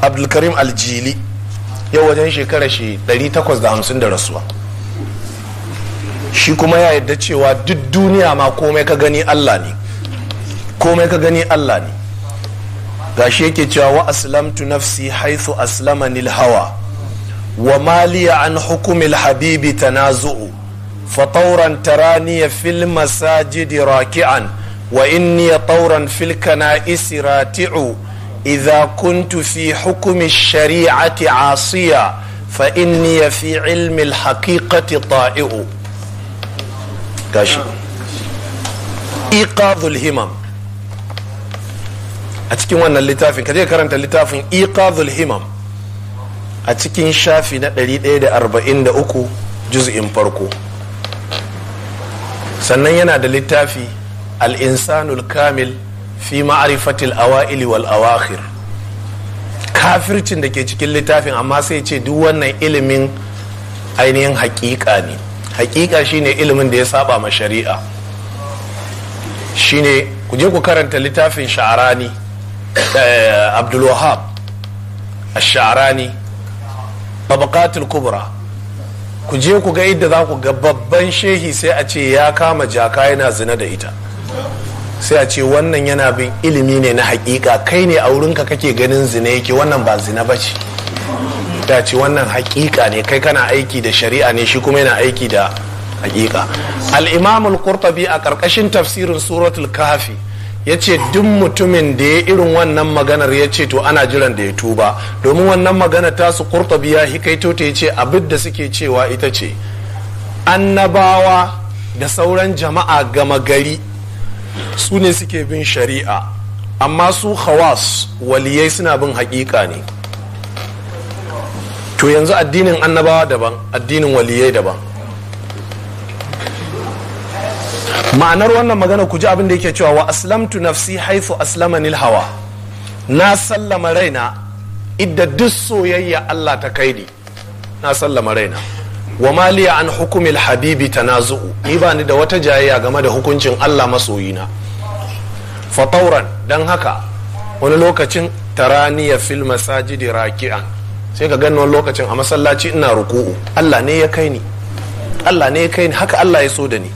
abdulkarim aljili yau wajen shekara shi 850 da rasuwa shi kuma ya yadda cewa duk duniya ma komai ka gani allah ne komai ka gani allah ne gashi yake cewa wa aslamtu nafsi haithu nil hawa wa maliya an hukumil habibi tanazu'u فطورا تراني Wa المساجد ya tauran filka na isi rati'u idza kuntu fi hukumi shari'ati asiya fa inni fi ilmi al-haqiqati ta'i'u gashi iqadhul himam a cikin wannan littafin ka je karanta littafin iqadhul himam a cikin shafi na 143 juz'in farko sannan yana da littafi al-insanul kamil fi ma'arifatil awa'ili wal awakhir kafircin da ke cikin littafin amma sai ce duk wannan ilimin ainihin hakika ne hakika shine ilimin da ya saba ma shari'a shine ku je ku karanta littafin sha'arani eh, abdulwahab sha'arani babakatul kubra ku je ku ga idda za ku ga babban shehi sai a ce ya kama jaka yana zina da ita sai a ce wannan yana bin ilimi ne na hakika kai ne a wurinka kake ganin zina yake wannan ba zina ba ce ta ce wannan hakika ne kai kana aiki da shari'a ne shi kuma yana aiki da hakika al'imamul imamul a karkashin tafsirin suratul kafi ya ce duk mutumin da ya irin wannan maganar ya ce to ana jiran da ya tuba domin wannan magana su qurtubi ya hikaito ta ce abin da suke cewa ita ce annabawa da sauran jama'a gama gari su ne suke bin shari'a amma su khawas waliyai suna bin hakika ne to yanzu addinin annabawa daban addinin waliyai daban ma'anar wannan magana ku ji abin da yake cewa wa aslamtu nafsi aslama nil hawa na sallama raina idda duk soyayya Allah ta kaidi na sallama raina wa maliya an hukumil habibi tanazu'u ni ba ni da wata jayayya game da hukuncin Allah masoyina fatauran dan haka wani lokacin taraniya fil masajidi raki'an sai ka gani wani lokacin a masallaci ina ruku'u Allah ne ya kai ni Allah ne ya kai ni haka Allah ya so da ni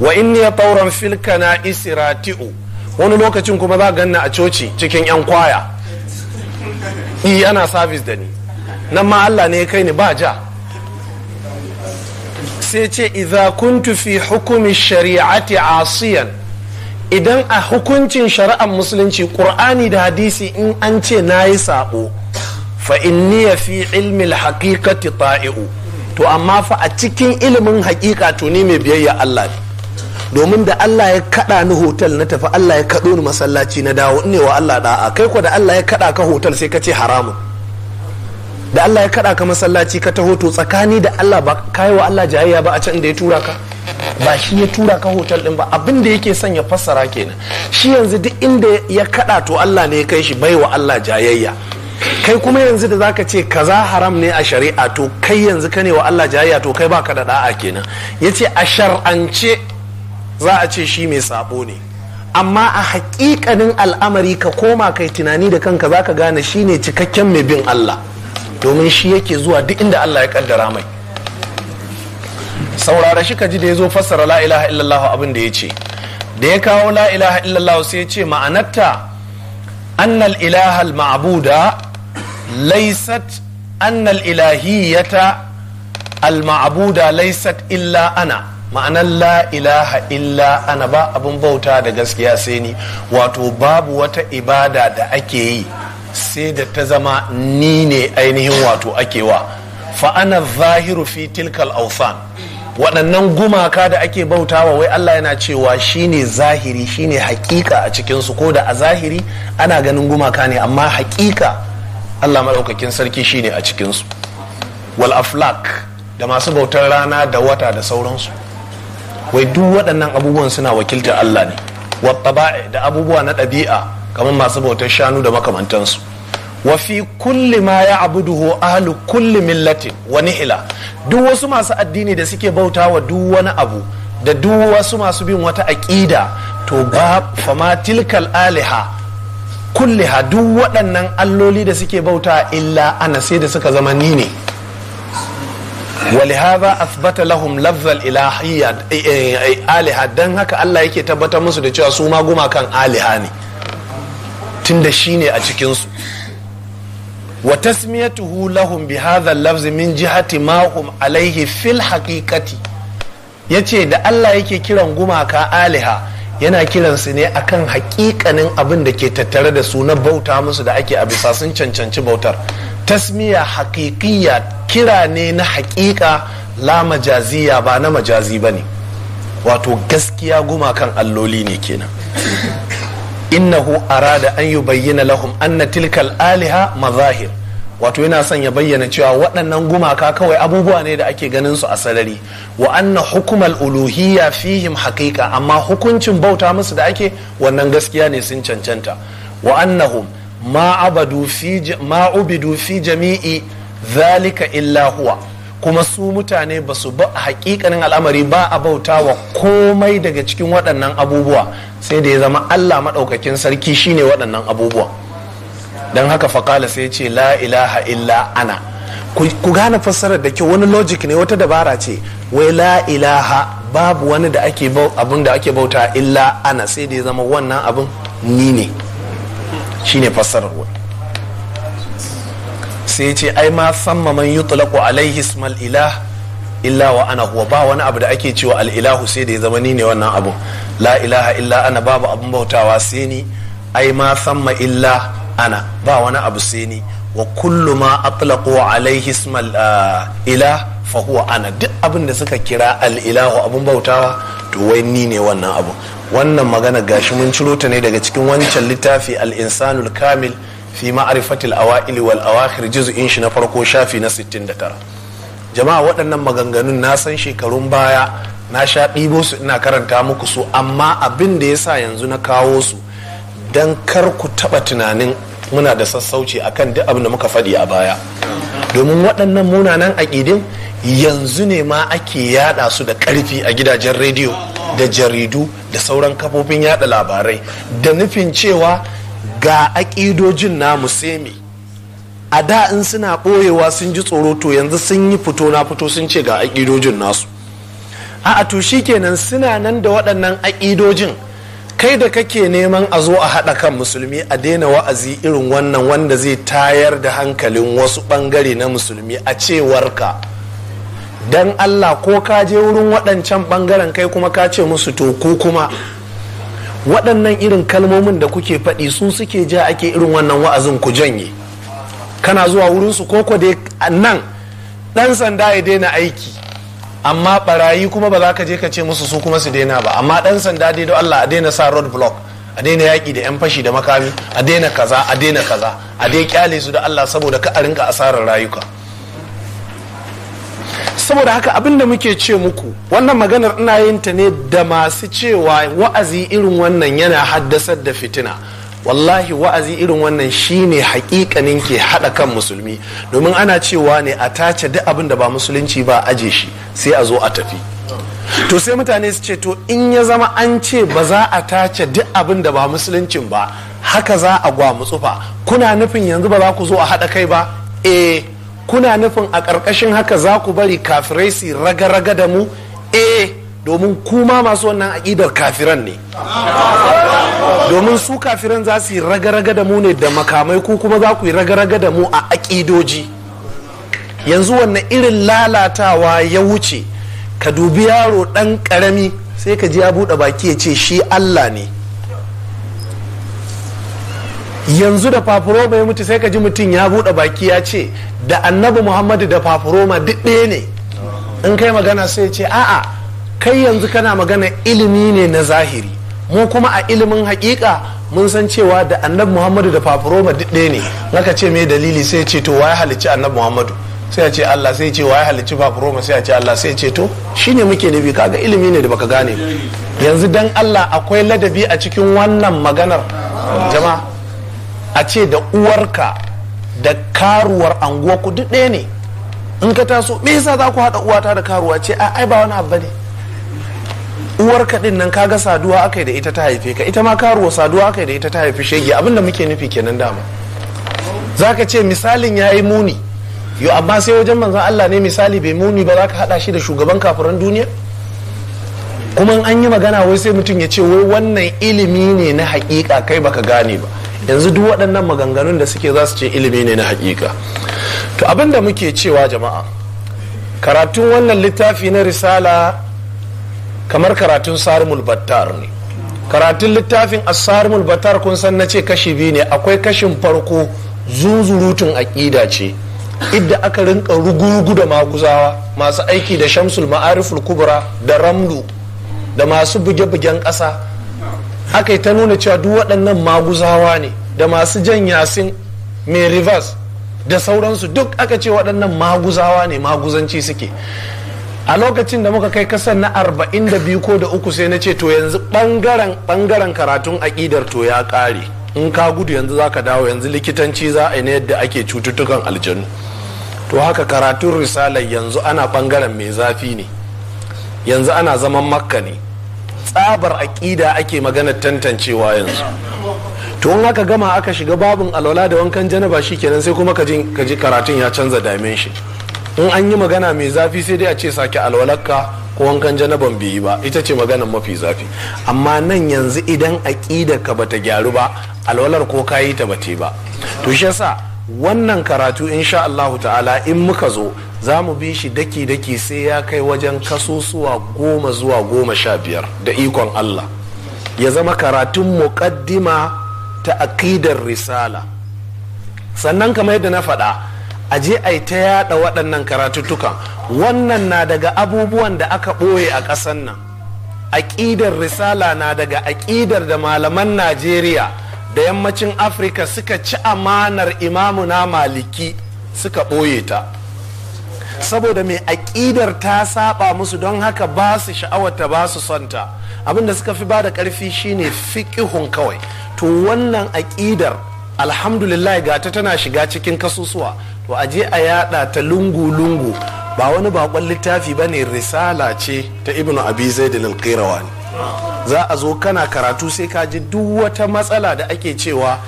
wa inni ya tauran fil kana rati'u wani lokacin kuma za ganna a coci cikin yan kwaya yi ana sabis da ni nan ma Allah ne ya kai ni ba ja sai ce idza kuntu fi hukumi shari'ati asiyan idan a hukuncin shari'ar musulunci qur'ani da hadisi in an ce nayi sabo fa inni fi ilmi alhaqiqati ta'i'u to amma fa a cikin ilimin hakika to ni mai biyayya Allah ne domin da Allah ya kada ni hotel na tafi Allah ya kado ni masallaci na dawo ne wa Allah da'a kai ko da Allah ya kada ka hotel sai ka ce haramun da Allah ya kada ka masallaci ka taho to tsakani da Allah ba kai wa Allah jayayya ba a can da ya tura ka ba shi ya tura ka hotel din ba abin da yake son ya fassara kenan shi yanzu duk inda ya kada to Allah ne ya kai shi bai wa Allah jayayya kai kuma yanzu da zaka ce kaza haram ne a shari'a to kai yanzu ka ne wa Allah jayayya to kai baka da da'a kenan yace a shar'ance za a ce shi mai sabo ne amma a haƙiƙanin al'amari ka koma kai tunani da kanka zaka gane shine cikakken mai bin Allah domin shi yake zuwa duk inda Allah ya kaddara mai saurara shi ka ji da ya zo fassara la ilaha illallah abin da ya ce da ya kawo la ilaha illallah sai ya ce ma'anarta annal ilaha al-ma'buda laysat annal ilahiyata al-ma'buda laysat illa ana ma'anar la ilaha illa ana ba abin bauta da gaskiya sai ni wato babu wata ibada da ake yi sai da ta zama ni ne ainihin wato akewa fa ana zahiru fi tilkal ausan waɗannan gumaka da ake bautawa wai Allah yana cewa shine zahiri shine hakika a cikinsu ko da a zahiri ana ganin gumaka ne amma hakika Allah maɗaukakin sarki shine a cikinsu wal aflak da masu bautar rana da wata da sauransu wai duk waɗannan abubuwan suna wakiltar Allah ne wa da abubuwa na ɗabi'a kamar masu bautar shanu da makamantansu wa fi kulli ma ya abuduhu ahlu kulli millati wa nihila duk wasu masu addini da suke bauta wa duk wani abu da duk wasu masu bin wata aƙida to ba fama tilkal aliha ha duk waɗannan alloli da suke bauta illa ana sai da suka zama ni ne ولهذا أثبت lahum lafzal الإلهية eh, eh, eh, Aliha don haka Allah yake tabbatar musu da cewa su ma kan aliha ne tunda ne a cikinsu. wa tasmiyatuhu lahum bi hadha lafzi min jihati ma hum alaihi fil haqiqati yace da Allah yake kiran gumaka aliha yana kiransu ne akan haƙiƙanin abin da ke tattare da su na bauta musu da ake a bisa sun cancanci bautar tasmiya haƙiƙiya kira ne na haƙiƙa la majaziya ba na majazi ba ne wato gaskiya gumakan alloli ne kenan innahu arada an bayyana lahum anna tilkal aliha mazahir wato yana son ya bayyana cewa waɗannan gumaka kawai abubuwa ne da ake ganin su a sarari wa anna hukumal uluhiyya fihim haqiqa amma hukuncin bauta musu da ake wannan gaskiya ne sun cancanta wa annahum ma abadu fi fi jami'i zalika illa huwa kuma su mutane ba su ba hakikanin al'amari ba a bauta wa komai daga cikin waɗannan abubuwa sai da ya zama allah maɗaukakin sarki shine waɗannan abubuwa don haka faƙala sai ce la ilaha illa ana ku gane fassarar da kyau wani logic ne wata dabara ce wai la ilaha babu wani da ake abin da ake bauta illa ana sai da ya zama wannan abin ni ne shine fassarar wani sai ce ai ma samma man yutlaqu alaihi ismal ilah illa wa ana huwa ba wani abu da ake cewa al ilahu sai da ya zama ni ne wannan abu la ilaha illa ana babu abun bautawa sai ni ai ma samma illa ana ba wani abu sai ni wa kullu ma atlaqu alaihi ismal ah, ilah fa huwa ana duk abin da suka kira al ilahu abun bautawa to wai ni ne wannan abu wannan magana gashi mun ciro ta ne daga cikin wancan littafi al insanul kamil fi ma'arifatil awa'ili wal awakhir juz'in shi na farko shafi na 69 jama'a waɗannan maganganun na san shekarun baya na sha ɗibo su ina karanta muku su amma abin da yasa yanzu na kawo su dan kar ku taɓa tunanin muna da sassauci akan duk abin da muka faɗi a baya domin waɗannan munanan aƙidin yanzu ne ma ake yada su da ƙarfi a gidajen rediyo da jaridu da sauran kafofin yada labarai da nufin cewa ga aƙidojin na musemi a da in suna ɓoyewa sun ji tsoro to yanzu sun yi fito na fito sun ce ga aƙidojin nasu a to kenan suna nan da waɗannan aƙidojin kai da kake neman a zo a haɗa kan musulmi a daina wa'azi irin wannan wanda zai tayar da hankalin wasu ɓangare na musulmi a cewarka don allah ko ka je wurin waɗancan ɓangaren kai kuma ka ce musu to ku kuma waɗannan irin kalmomin da kuke faɗi su suke ja ake irin wannan wa'azin ku janye kana zuwa wurinsu ko dai nan ɗan sanda ya daina aiki amma barayi kuma ba za ka je ka ce musu su kuma su daina ba amma ɗan sanda dai don Allah a daina sa road block a daina yaƙi da 'yan fashi da makami a daina kaza a daina kaza a dai kyale su da Allah saboda ka a rinka asarar rayuka saboda haka abin da muke ce muku wannan maganar ina yin ta ne da masu cewa wa'azi irin wannan yana haddasar da fitina wallahi wa'azi irin wannan shine hakikanin ke hada kan musulmi domin ana cewa ne a tace duk abin da ba musulunci ba aje shi sai a zo a tafi to sai mutane su ce to in ya zama an ce ba za a tace duk abin da ba musuluncin ba haka za a gwa mutsufa kuna nufin yanzu ba za ku zo a haɗa kai ba eh kuna nufin a ƙarƙashin haka za ku bari kafirai su raga-raga da mu eh domin kuma masu wannan aƙidar kafiran ne domin su kafiran za su yi raga-raga da mu ne da makamai ku kuma za ku yi raga-raga da mu a aƙidoji yanzu wannan irin lalatawa ya wuce ka dubi yaro ɗan ƙarami sai ka ji ya buɗe baki ya ce shi allah ne yanzu da fafuro bai mutu sai ka ji mutum ya buɗe baki ya ce da annabi muhammadu da fafuroma duk ɗaya ne in kai magana sai ce a'a kai yanzu kana magana ilimi ne na zahiri mu kuma a ilimin hakika mun san cewa da annabi muhammadu da fafuroma duk ɗaya ne naka ce mai dalili sai ce to ya halicci annabi muhammadu sai ya ce allah sai ce ya halicci fafuroma sai ya ce allah sai ce to shine muke nufi kaga ilimi ne da baka gane yanzu dan allah akwai ladabi a cikin wannan maganar jama'a a ce da uwarka da karuwar anguwa ku duk ɗaya ne in ka taso me yasa za ku haɗa uwata da karuwa ce a ai ba wani abu ne uwar ka din nan kaga saduwa akai da ita ta haife ka ita ma karuwa saduwa akai da ita ta haifi shege da muke nufi kenan dama zaka ce misalin ya yi muni yo amma sai wajen manzon Allah ne misali bai muni ba za ka haɗa shi da shugaban kafiran duniya kuma an yi magana wai sai mutum ya ce wai wannan ilimi ne na hakika kai baka gane ba yanzu duk waɗannan maganganun da suke za su ce ilimi ne na hakika to abin da muke cewa jama'a karatun wannan littafi na risala kamar karatun sarmul battar ne karatun littafin asarmul battar kun san na ce kashi biyu ne akwai kashin farko zuzurutun aƙida ce idda aka rinka rugurugu da maguzawa masu aiki da shamsul ma'ariful kubra da ramlu da masu buge-bugen ƙasa aka yi ta nuna cewa duk waɗannan maguzawa ne da masu jan yasin mai rivers da sauransu duk aka ce waɗannan maguzawa ne maguzanci suke a lokacin da muka kai kasar na 42 ko da uku sai na ce to yanzu ɓangaren ɓangaren karatun aƙidar to ya ƙare in ka gudu yanzu za ka dawo yanzu likitanci za a yi na yadda ake cututtukan aljanu to haka karatun risalar yanzu ana ɓangaren mai zafi ne yanzu ana zaman makka ne tsabar aƙida ake magana tantancewa yanzu to in aka gama aka shiga babin alwala da wankan janaba shi kenan sai kuma ka ji karatun ya canza damin shi in an yi magana mai zafi sai dai a ce sake alwalarka ko wankan janaban bai yi ba ita ce maganar mafi zafi amma nan yanzu idan aƙidar ka ta gyaru ba alwalar ko ka yi ta bata ba to shi yasa wannan karatu insha Allah ta'ala in muka zo za mu bi shi daki-daki sai ya kai wajen kasusuwa goma zuwa goma sha biyar da ikon Allah ya zama karatun muƙaddima ta aƙidar risala sannan kamar yadda na faɗa a je a ta yada waɗannan karatuttukan wannan na daga abubuwan da aka ɓoye a ƙasan nan aƙidar risala na daga aƙidar da malaman najeriya da yammacin afirka suka ci amanar imamu na maliki suka ɓoye ta saboda mai aƙidar ta saba musu don haka ba su sha'awata ba su sonta abinda suka fi ba da ƙarfi shine fiƙihun kawai to wannan aƙidar alhamdulillah ga ta tana shiga cikin kasusuwa to a je a yada ta lungu-lungu ba wani bakon littafi ba ne risala ce ta ibnu abi zaidin ne. za a zo kana karatu sai ka ji duk wata matsala da ake cewa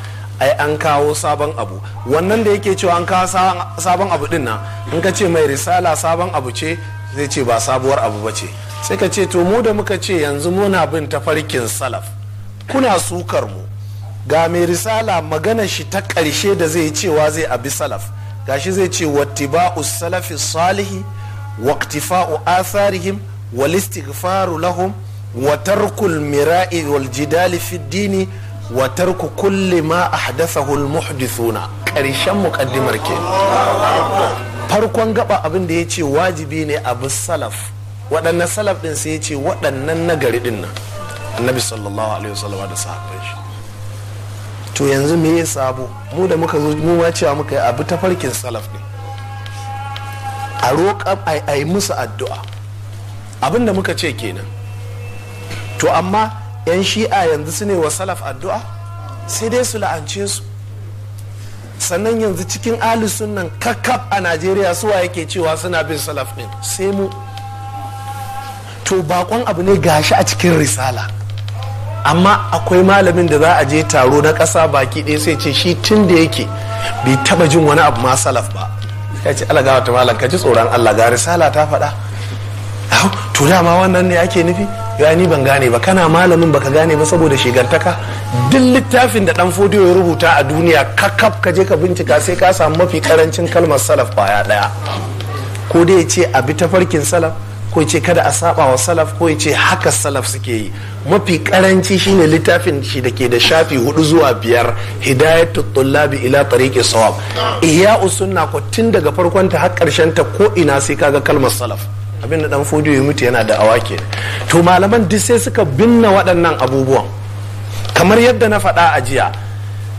ai an kawo sabon abu wannan da yake cewa an kawo sabon abu din nan in ka ce mai risala sabon abu ce zai ce ba sabuwar abu ba ce sai ka ce to mu da muka ce yanzu muna bin tafarkin salaf kuna sukar mu ga mai risala magana shi ta ƙarshe da zai cewa zai abi salaf gashi zai ce wattiba'u salafi salihi waqtifa'u atharihim wal istighfaru lahum Watar tarkul waljidali wal jidali fi dini wa muhdithuna karshen muqaddimar ke farkon gaba abin da yace wajibi ne abu salaf waɗannan salaf din sai yace waɗannan nagari din nan annabi sallallahu alaihi wasallam da sahabbai shi to yanzu me ya sabo mu da muka zo mu ma cewa muka yi abu ta farkin salaf ne a roƙa musu addu'a abin da muka ce kenan to amma 'yan shi'a yanzu su ne wa salaf addu'a sai dai su la'ance su sannan yanzu cikin ahli sunnan kakkaf a najeriya suwa yake cewa suna bin salaf ɗin sai mu to bakon abu ne gashi a cikin risala amma akwai malamin da za a je taro na ƙasa baki ɗaya sai ce shi tun da yake bai taba jin wani abu ma salaf ba ya ce ala gawa ta malam ka ji tsoron Allah ga risala ta faɗa to dama wannan ne ake nufi ya ni ban gane ba kana malamin baka gane ba saboda shigartaka duk littafin da dan fodiyo ya rubuta a duniya kakaf ka je ka bincika sai ka samu mafi karancin kalmar salaf kwaya daya ko dai ya ce a bi tafarkin salaf ko ce kada a saba wa salaf ko ce haka salaf suke yi mafi karanci shine littafin shi da ke da shafi hudu zuwa biyar hidayatu tullabi ila tariqi sawab iya usunna ko tun daga farkon ta har karshen ta ko ina sai kaga kalmar salaf abin da dan fodiyo ya mutu yana da awake to malaman duk sai suka binne waɗannan abubuwan kamar yadda na faɗa a jiya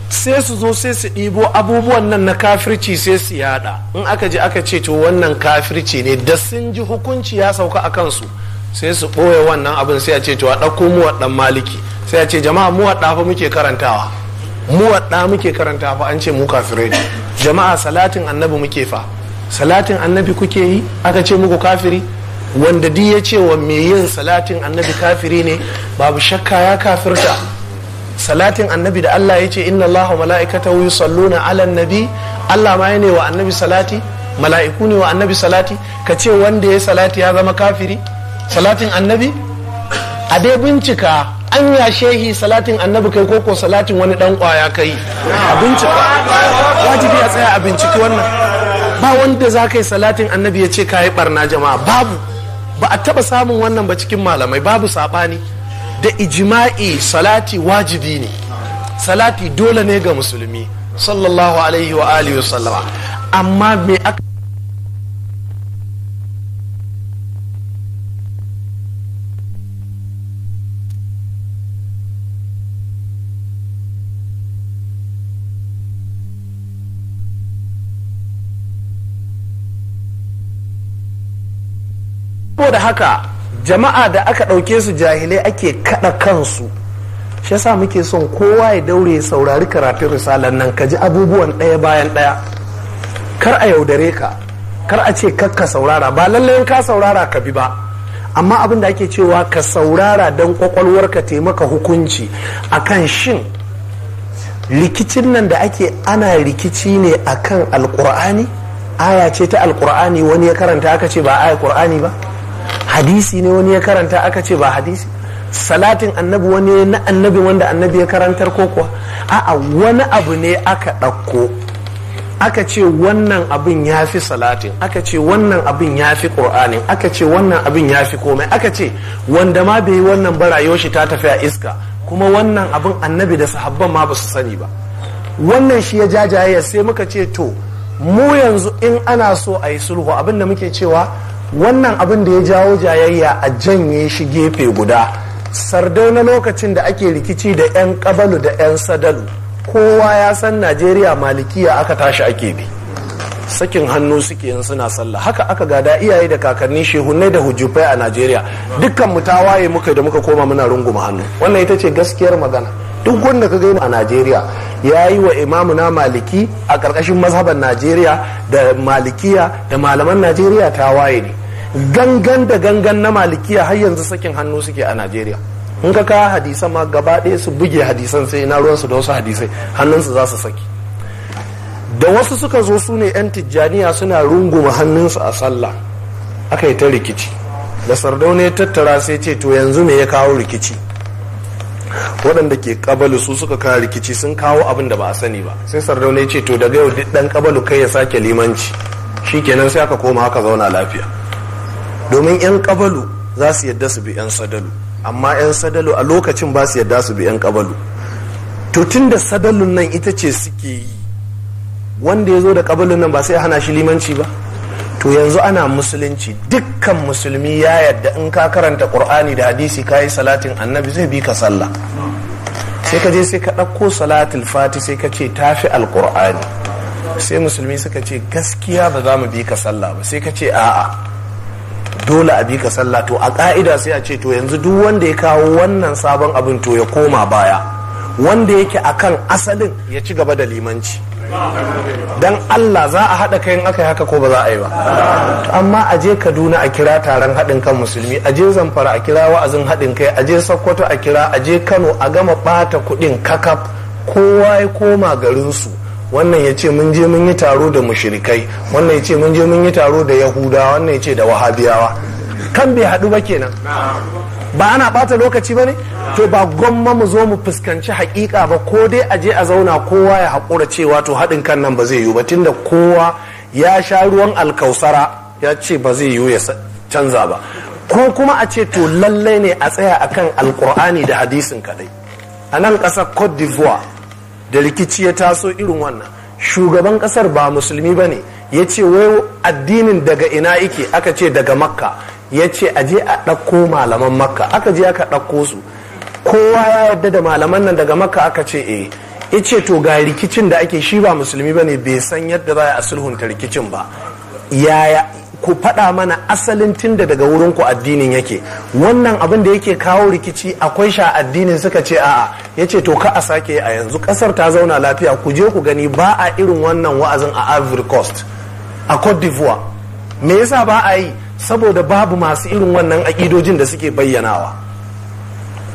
sai su zo sai su ɗibo abubuwan nan na kafirci sai su yada in aka ji aka ce to wannan kafirci ne da sun ji hukunci ya sauka a kansu sai su ɓoye wannan abin sai a ce to a ɗauko mu ɗan maliki sai a ce jama'a mu fa muke karantawa mu muke karantawa fa an ce mu kafirai jama'a salatin annabi muke fa salatin annabi kuke yi aka ce muku kafiri wanda di ya ce wa mai yin salatin annabi kafiri ne babu shakka ya kafirta salatin annabi da Allah ya ce inna Allah mala'ikatahu salluna 'alan nabi Allah ma ne wa annabi salati mala'iku ne wa annabi salati ka ce wanda ya salati ya zama kafiri salatin annabi a dai bincika an ya shehi salatin annabi kai koko salatin wani dan kwaya kai a bincika wajibi a tsaya a binciki wannan ba wanda za ka yi salatin annabi ya ce ka yi barna jama'a babu ba a taba samun wannan ba cikin malamai babu saɓani da ijima'i salati wajibi ne salati dole ne ga musulmi sallallahu alaihi wa alihi wa sallama amma me aka saboda haka jama'a da aka ɗauke su jahilai ake kaɗa kansu shi yasa muke son kowa ya daure ya saurari karatun risalar nan ka ji abubuwan ɗaya bayan ɗaya kar a yaudare ka kar a ce ka saurara ba lallai ka saurara ka bi ba amma abin da ake cewa ka saurara don ka taimaka hukunci akan shin rikicin nan da ake ana rikici ne akan alkur'ani aya ce ta alkur'ani wani ya karanta aka ce ba aya kur'ani ba hadisi ne wani ya karanta aka ce ba hadisi salatin annabi wani na annabi wanda annabi ya karantar ko kuwa a'a wani abu ne aka ɗauko aka ce wannan abin ya fi salatin aka ce wannan abin ya fi ƙur'anin aka ce wannan abin ya fi komai aka ce wanda ma bai yi wannan ba shi ta tafi a iska kuma wannan abin annabi da sahabban ma ba su sani ba wannan shi ya jajaye sai muka ce to mu yanzu in ana so a yi sulhu abin da muke cewa wannan abin da ya jawo jayayya a janye shi gefe guda sardau na lokacin da ake rikici da 'yan kabalu da 'yan sadalu kowa ya san najeriya malikiya aka tashi ake bi sakin hannu suke yin suna sallah haka aka gada iyaye da kakanni shehunai da hujjufai a najeriya dukkan mu waye muka da muka koma muna runguma hannu wannan ita ce gaskiyar magana duk wanda ka gani a najeriya ya yi wa imamuna maliki a ƙarƙashin mazhaban najeriya da malikiya da malaman najeriya ta waye ne gangan da gangan na malikiya har yanzu sakin hannu suke a najeriya in ka kawo hadisan ma gaba ɗaya su buge hadisan sai na ruwansu da wasu hadisai hannunsu za su saki da wasu suka zo su ne 'yan tijjaniya suna runguma hannunsu a sallah aka yi ta rikici da sardauna ya tattara sai ce to yanzu me ya kawo rikici waɗanda ke ƙabalu su suka kawo rikici sun kawo abin da ba a sani ba sai sardauna ya ce to daga yau duk ɗan kabalu kai ya sake limanci shi kenan sai aka koma haka zauna lafiya domin yan kabalu za su yadda su bi yan sadalu amma yan sadalu a lokacin ba su yadda su bi yan kabalu to tun da sadalun nan ita ce suke yi wanda ya zo da ƙabalun nan ba sai hana shi limanci ba to yanzu ana musulunci dukkan musulmi ya yadda in ka karanta qur'ani da hadisi kayi salatin annabi zai bi ka sallah sai ka je sai ka ɗauko salatul fati sai ka ce tafi alqur'ani sai musulmi suka ce gaskiya ba za mu bi ka sallah ba sai ka ce a'a dole a bi ka sallah to a ka'ida sai a ce to yanzu duk wanda ya kawo wannan sabon abin to ya koma baya wanda yake akan asalin ya ci gaba da limanci dan Allah za a haɗa kai in aka yi haka ko ba za a yi ba amma a je Kaduna a kira taron haɗin kan musulmi a je Zamfara a kira wa'azin haɗin kai a je Sokoto a kira a je Kano a gama ɓata kuɗin kakaf kowa ya koma garinsu wannan ya ce mun je mun yi taro da mushrikai wannan ya ce mun je mun yi taro da yahudawa wannan ya ce da wahabiyawa kan bai haɗu ba kenan ba ana bata lokaci ba ne to ba gwamma mu zo mu fuskanci hakika ba ko dai a je a zauna kowa ya haƙura cewa to haɗin kan nan ba zai yiwu ba tunda kowa ya sha ruwan alkausara ya ce ba zai yiwu ya canza ba ko kuma a ce to lallai ne a tsaya akan alkur'ani da hadisin kadai a nan ƙasar cote d'ivoire da rikici ya taso irin wannan shugaban ƙasar ba musulmi ba ne ya ce wai addinin daga ina ike aka ce daga makka ya ce a je a ɗauko malaman makka aka je aka ɗauko su kowa ya yarda da malaman nan daga makka aka ce eh ice to ga rikicin da ake shi ba musulmi ne bai san yadda za a sulhunta rikicin ba yaya ku faɗa mana asalin da daga wurin ku addinin yake wannan abin da yake kawo rikici akwai sha addinin suka ce a'a yace to ka a sake a yanzu ƙasar ta zauna lafiya ku je ku gani ba a irin wannan wa'azin a Ivory Coast a Cote d'Ivoire me yasa ba a yi saboda babu masu irin wannan aƙidojin da suke bayyanawa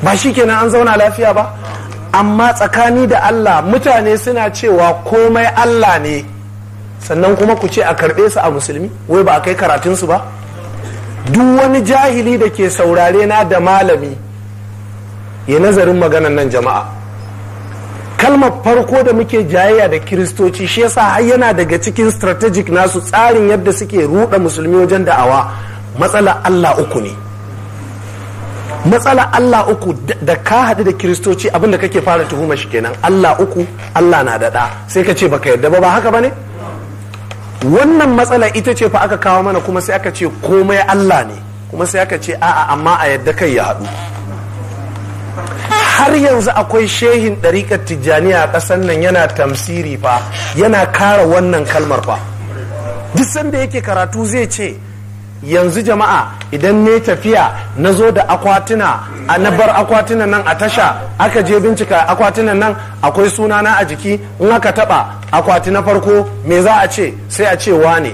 ba shi kenan an zauna lafiya ba amma tsakani da Allah mutane suna cewa komai Allah ne sannan kuma ku ce a karɓe su a musulmi wai ba a kai karatunsu ba duk wani jahili da ke saurare na da malami ya nazarin maganan nan jama'a kalmar farko da muke jayayya da kiristoci shi yasa har yana daga cikin strategic nasu tsarin yadda suke ruɗa musulmi wajen da'awa matsala Allah uku ne matsala Allah uku da ka haɗu da kiristoci abinda kake fara tuhuma shi kenan Allah uku Allah na daɗa sai ka ce baka yadda ba ba haka bane wannan matsala ita ce fa aka kawo mana kuma sai aka ce komai Allah ne kuma sai aka ce a'a amma a yadda kai ya haɗu har yanzu akwai shehin ɗariƙar tijjaniya a ƙasar nan yana tamsiri fa yana kara wannan kalmar fa duk sanda yake karatu zai ce yanzu jama'a idan ne tafiya na zo da akwatuna a na bar akwatuna nan a tasha aka je bincika akwatuna nan akwai sunana a jiki in aka taba akwati na farko me za a ce sai a ce wane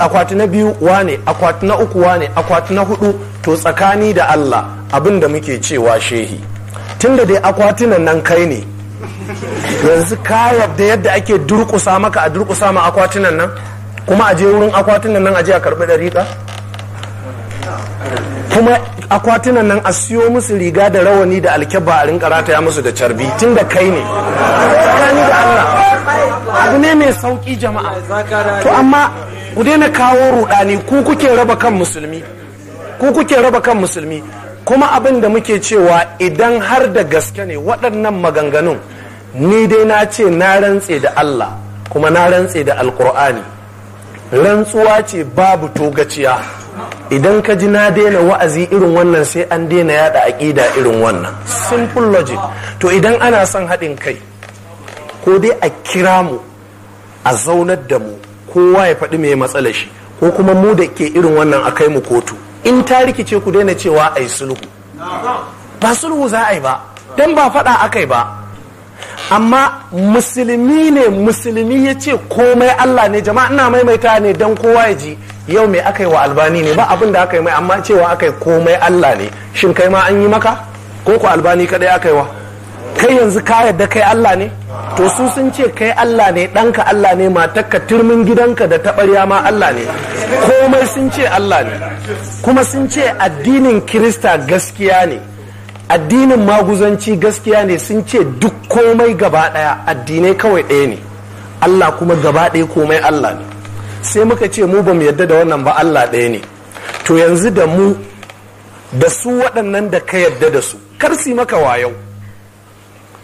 akwati na biyu wane akwati na uku wane akwati na hudu to tsakani da allah abin da muke cewa shehi tun da dai akwatunan nan kai ne yanzu ka yadda yadda ake durkusa maka a durkusa ma akwatunan nan kuma a je wurin akwatunan nan a je a karɓi ɗariƙa kuma akwatunan nan a siyo musu riga da rawani da alkyabba a rinka ya musu da carbi tun da kai ne abu ne mai sauƙi jama'a to amma ku daina kawo rudani ku kuke raba kan musulmi ku kuke raba kan musulmi kuma abin da muke cewa idan har da gaske ne waɗannan maganganun ni dai na ce na rantse da Allah kuma na rantse da alkur'ani rantsuwa ce babu togaciya idan ka ji na daina wa'azi irin wannan sai an daina yada aƙida irin wannan simple logic to idan ana son haɗin kai ko dai a kira mu a zaunar da mu kowa ya faɗi mai matsala shi ko kuma mu da ke irin wannan a kai mu kotu in ta rikice ku daina cewa a sulhu ba sulhu za a yi ba don ba faɗa akai ba amma musulmi ne musulmi ya ce komai Allah ne jama'a ina maimaita ne don kowa ya ji yau mai aka wa albani ne ba abin da aka yi mai amma cewa akai yi komai Allah ne shin kai ma an yi maka ko ku albani kadai aka yi wa kai yanzu ka yarda kai Allah ne to su sun ce kai Allah ne ɗanka Allah ne matarka turmin gidanka da taɓarya ma Allah ne komai sun ce Allah ne kuma sun ce addinin Kirista gaskiya ne addinin maguzanci gaskiya ne sun ce duk komai gaba ɗaya addinai kawai ɗaya ne Allah kuma gaba ɗaya komai Allah ne sai muka ce mu bamu mu yadda da wannan ba Allah ɗaya ne to yanzu da mu da su waɗannan da ka yadda da su kar si maka wayau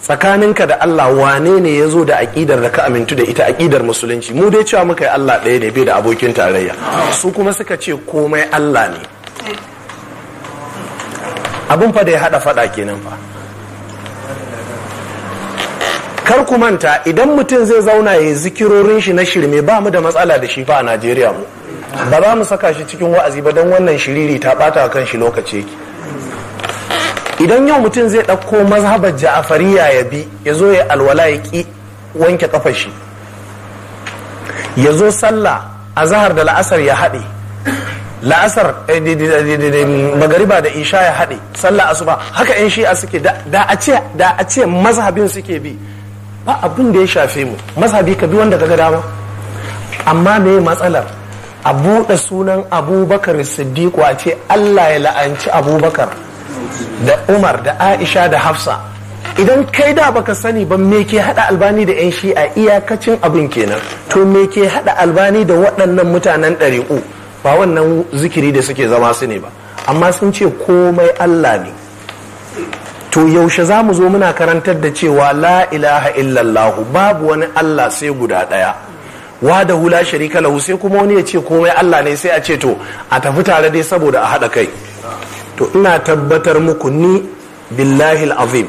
tsakaninka da Allah wane ne ya zo da aƙidar da ka amintu da ita aƙidar musulunci mu dai cewa muka yi Allah ɗaya ne bai da abokin tarayya su kuma suka ce komai Allah ne abin fa da ya haɗa faɗa kenan fa kar ku manta idan mutum zai zauna ya zikirorin shi na shirme ba mu da matsala da shi fa a Najeriya mu ba za mu saka shi cikin wa'azi ba don wannan shiriri ta ɓata kan shi lokaci yake idan yau mutum zai ɗauko mazhabar ja'afariya ya bi ya zo ya alwala ya ƙi wanke ƙafar shi ya zo sallah a zahar da la'asar ya haɗe la'asar eh, magariba da isha ya haɗe sallah asuba haka yan shi'a suke da a ce mazhabin suke bi ba abin da ya shafe mu mazhabi ka bi wanda ka ga dama amma me matsalar a buɗe sunan abubakar siddiqu a ce allah ya la'anci abubakar da umar da aisha da hafsa idan kai da baka sani ba me ke hada albani da yan a iyakacin abin kenan to me ke hada albani da waɗannan mutanen ɗariƙu ba wannan zikiri da suke zama su ne ba amma sun ce komai allah ne to yaushe za mu zo muna karantar da cewa la ilaha illallahu babu wani allah sai guda ɗaya wa da hula shari'a lahu sai kuma wani ya ce komai allah ne sai a ce to a tafi tare dai saboda a haɗa kai to ina tabbatar muku ni billahi azim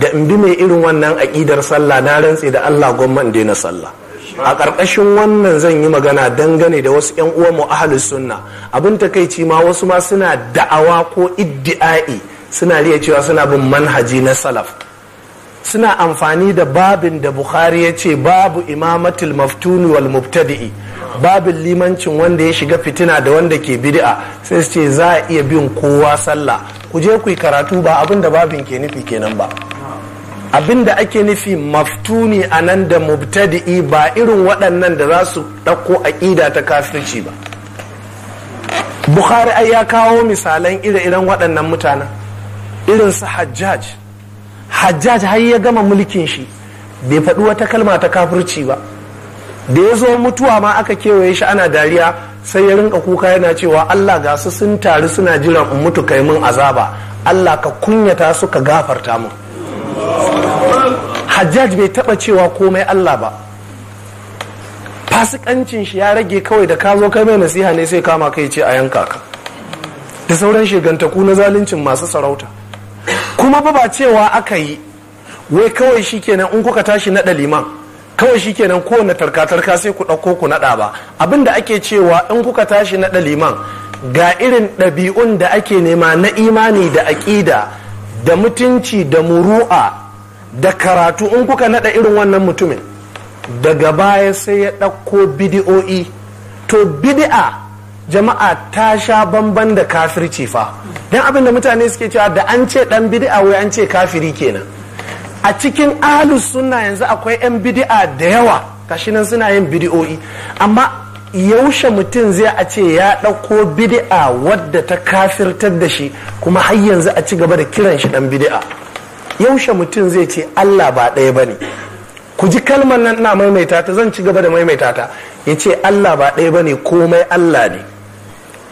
da in bi mai irin wannan aƙidar sallah na rantse da Allah gwamman in daina sallah a ƙarƙashin wannan zan yi magana dangane da wasu 'yan uwa mu ahalus sunna abin takaici ma wasu ma suna da'awa ko iddi'ai suna riya cewa suna bin manhaji na salaf suna amfani da babin da bukhari ya ce babu imamatul maftuni wal mubtadi'i babin limancin wanda ya shiga fitina da wanda ke bid'a sai su ce za a iya bin kowa sallah ku je ku yi karatu ba abin da babin ke nufi kenan ba abin da ake nufi maftuni a nan da mubtadi'i ba irin waɗannan da za su ɗauko aƙida ta kafirci ba bukhari ai ya kawo misalan ire-iren waɗannan mutanen irin su hajjaj hajjaj har ya gama mulkin shi bai faɗi wata kalma ta kafirci ba da ya zo mutuwa ma aka kewaye shi ana dariya sai ya rinka kuka yana cewa Allah ga su sun taru suna jiran in mutu kai mun azaba Allah ka kunyata su ka gafarta mun Hajjaj bai taba cewa komai Allah ba fasikancin shi ya rage kawai da ka zo kai mai nasiha ne sai kama kai ce a yanka ka da sauran shigantaku na zaluncin masu sarauta kuma ba ba cewa aka yi wai kawai shi kenan in kuka tashi na liman kawai shi shikenan kowane tarka-tarka sai ku ɗauko ku naɗa ba abin da ake cewa in kuka tashi naɗa liman ga irin ɗabi'un da ake nema na imani da aƙida da mutunci da muru'a da karatu in kuka naɗa irin wannan mutumin daga baya sai ya ɗauko bidi'o'i to bidi'a jama'a ta sha bamban da kafirci fa don abin da mutane suke cewa da an ce ɗan bidi'a wai an ce kafiri kenan a cikin ahlus sunna yanzu akwai 'yan bidi'a da yawa gashi nan suna yin bidi'o'i amma yaushe mutum zai a ce ya ɗauko bidi'a wadda ta kafirtar da shi kuma har yanzu a ci gaba da kiran shi dan bidi'a yaushe mutum zai ce Allah ba ɗaya ne ku ji kalmar nan na maimaita ta zan ci gaba da maimaita ta ya ce Allah ba ɗaya ba ne, komai Allah ne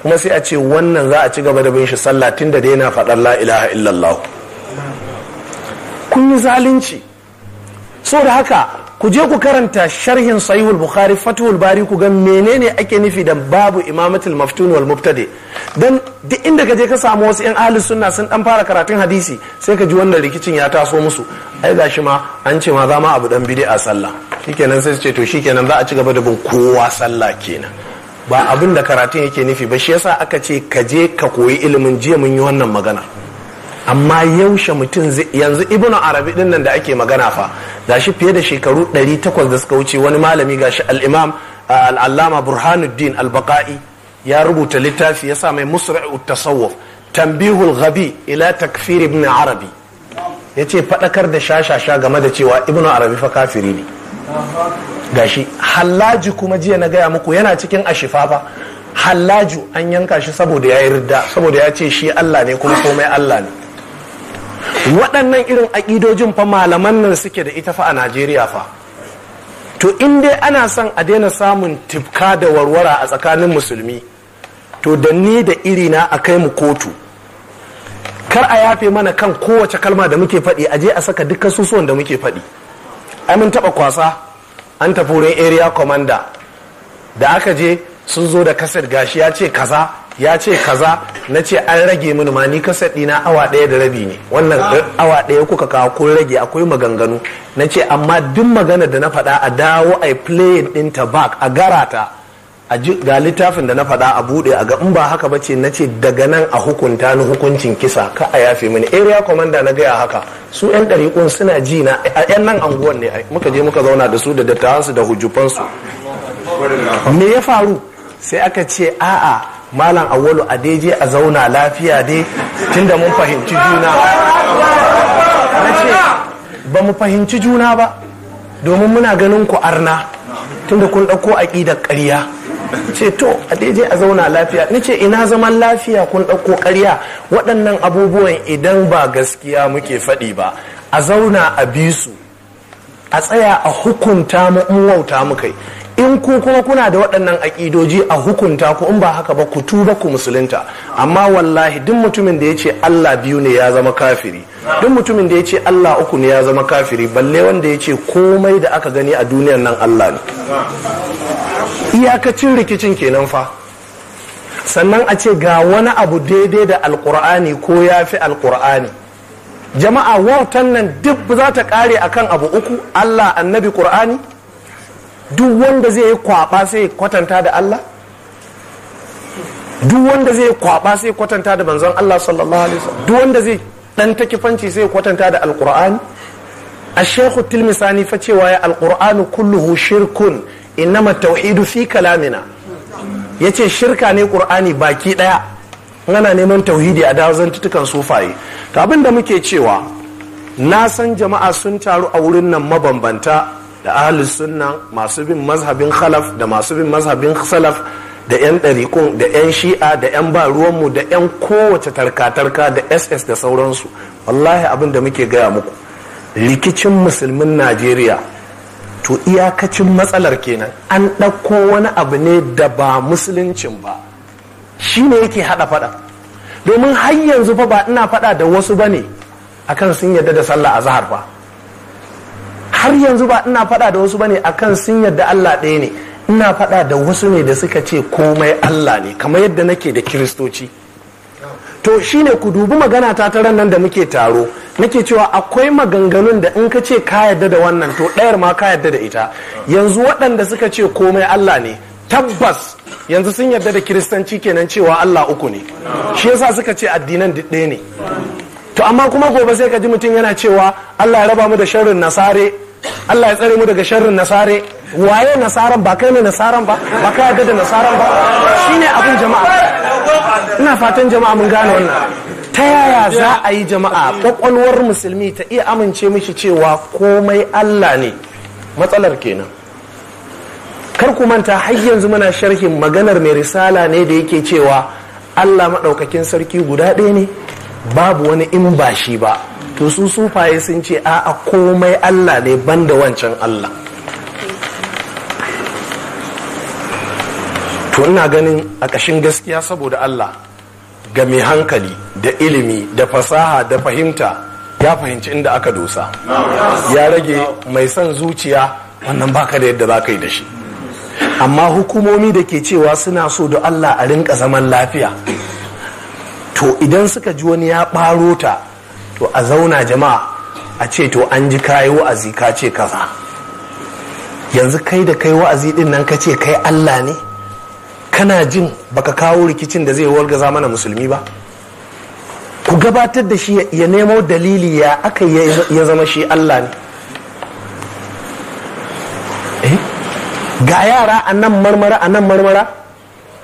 kuma sai a ce wannan za a ci gaba da bin shi sallah tun da dai na faɗar la'ilaha illallahu. kun yi zalunci so da haka ku je ku karanta sharhin sahihul bukhari fatuhul bari ku ga menene ake nufi da babu imamatul maftun wal mubtadi dan duk inda ka je ka samu wasu yan ahli sunna sun dan fara karatun hadisi sai ka ji wannan rikicin ya taso musu ai gashi ma an ce ma za ma abu dan bid'a sallah shikenan sai su ce to shikenan za a ci gaba da bin kowa sallah kenan ba abin da karatun yake nufi ba shi yasa aka ce ka je ka koyi ilimin jiya mun yi wannan magana amma yaushe mutum yanzu ibnu arabi din nan da ake magana fa gashi fiye da shekaru 800 da suka wuce wani malami gashi al-imam al-allama burhanuddin al-baqai ya rubuta littafi ya sa mai musra'u tasawuf tambihul ghabi ila takfir ibn arabi yace fadakar da shashasha game da cewa ibnu arabi fa kafiri ne gashi hallaji kuma jiya na gaya muku yana cikin ashifa fa hallaju an yanka shi saboda ya yi saboda ya ce shi Allah ne kuma komai Allah ne waɗannan irin aƙidojin fa malaman nan suke da ita fa a najeriya fa to in dai ana son a daina samun tifka da warwara a tsakanin musulmi to da ni da iri na a kai mu kotu kar a yafe mana kan kowace kalma da muke faɗi a je a saka duk susuwan da muke faɗi ai mun taɓa kwasa an tafi wurin area commander da aka je sun zo da kasar gashi ya ce kaza ya ce kaza na ce an rage mini ma ni kasar ɗina awa ɗaya da rabi ne wannan ah. awa ɗaya kuka kawo kun rage akwai maganganu na ce amma duk magana da na faɗa a dawo a play ta back a gara ta a ga littafin da na faɗa a buɗe a ga in ba haka bace ce na ce daga nan a hukunta ni hukuncin kisa ka a yafe mini area commander na gaya haka su yan ɗariƙun suna ji na yan nan anguwan ne muka je muka zauna da su da dattawansu da hujjufansu me ya faru sai aka ce a'a malam awwalu a dai a zauna lafiya dai tunda mun fahimci juna ba mu fahimci juna ba domin muna ganin ku arna tunda kun ɗauko aƙidar ƙarya ce to a daidai a zauna lafiya ni ce ina zaman lafiya kun ɗauko ƙarya waɗannan abubuwan idan ba gaskiya muke faɗi ba a zauna a bisu a tsaya a hukunta mu in wauta mu kai in ku kuma kuna da waɗannan aƙidoji a hukunta ku in ba haka ba ku tuba ku musulunta amma wallahi duk mutumin da ya ce Allah biyu ne ya zama kafiri duk mutumin da ya ce Allah uku ne ya zama kafiri balle wanda ya ce komai da aka gani a duniyar nan Allah ne iyakacin rikicin kenan fa sannan a ce ga wani abu daidai da alkur'ani ko ya fi alkur'ani jama'a wautan nan duk za ta kare akan abu uku Allah annabi qur'ani duk wanda zai yi kwaba sai kwatanta da Allah duk wanda zai kwaba sai kwatanta da manzon Allah sallallahu alaihi wasallam duk wanda zai dan takifanci sai kwatanta da alqur'ani الشيخ التلمساني فتوى القرآن كله شرك إنما التوحيد في Ya yace shirka ne ƙur'ani baki ɗaya ana neman tauhidi a dawazan tutukan sufaye to abin da muke cewa na san jama'a sun taru a wurin nan mabambanta da ahlus sunna masu bin mazhabin khalaf da masu bin mazhabin salaf da 'yan ɗariƙun da 'yan shi'a da 'yan ba ruwanmu da 'yan kowace tarka-tarka da ss da sauransu wallahi abin da muke gaya muku rikicin musulmin najeriya to iyakacin matsalar kenan an ɗauko wani abu ne da ba musuluncin ba shi ne yake haɗa faɗa domin har yanzu fa ba ina faɗa da wasu ba ne akan sun yarda da sallah a zahar ba har yanzu ba ina faɗa da wasu bane akan sun yadda Allah ɗaya ne ina faɗa da wasu ne da suka ce komai Allah ne kamar yadda nake da kiristoci to shine ku dubi magana ta taran nan da muke taro nake cewa akwai maganganun da in ka ce ka yadda da wannan to ɗayar ma ka yadda da ita yanzu waɗanda suka ce komai Allah ne tabbas yanzu sun yadda da kiristanci kenan cewa Allah uku ne shi yasa suka ce addinan duk ɗaya ne to amma kuma gobe sai ka ji mutum yana cewa Allah ya raba mu da sharrin nasare Allah ya tsare mu daga sharrin nasare waye nasaran ba kai ne nasaran ba ba ka yadda da nasaran ba shine abin jama'a ina fatan jama'a mun gane wannan ta yaya za a yi jama'a kwakwalwar musulmi ta iya amince mishi cewa komai Allah ne matsalar kenan kar ku manta har yanzu muna sharhin maganar mai risala ne da yake cewa Allah maɗaukakin sarki guda ɗaya ne babu wani in ba shi ba to su sufaye sun ce a'a komai Allah ne banda wancan Allah to ina ganin a ƙashin gaskiya saboda Allah ga mai hankali da ilimi da fasaha da fahimta ya fahimci inda aka dosa ya rage mai son zuciya wannan baka da yadda za ka yi da shi amma hukumomi da ke cewa suna so da Allah a rinka zaman lafiya to idan suka ji wani ya ɓaro ta to a zauna jama'a a ce to an ji kayi wa'azi ka ce kaza yanzu kai da kai wa'azi din nan ka ce kai Allah ne kana jin baka kawo rikicin da zai wargaza mana musulmi ba ku gabatar da shi ya nemo dalili ya aka ya zama shi Allah ne eh? ga yara a nan marmara a nan marmara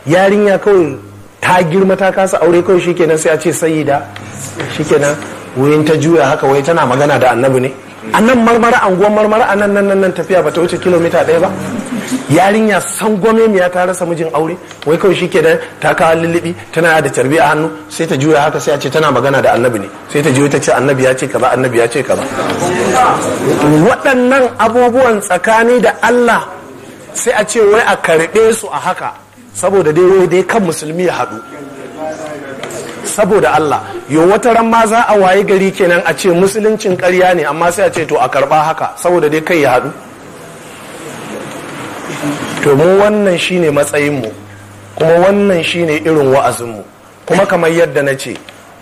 yarinya kawai ta girma ta kasa aure kawai shikenan sai a ce shi shikenan wurin ta juya haka wai tana magana da annabi ne a nan marmara anguwan marmara a nan nan tafiya ba ta wuce kilomita ɗaya ba yarinya san ya ta rasa mijin aure wai kawai shi da ta kawo lullubi tana da carbi a hannu sai ta juya haka sai a ce tana magana da annabi ne sai ta juya ta ce annabi ya ce kaza annabi ya ce kaza waɗannan abubuwan tsakani da Allah sai a ce wai a karɓe su a haka saboda dai dai kan musulmi ya haɗu saboda Allah yo wata ran ma za a waye gari kenan a ce musuluncin ƙarya ne amma sai a ce to a karba haka saboda dai kai ya haɗu to mu wannan shine matsayinmu kuma wannan shine irin wa'azinmu kuma kamar yadda na ce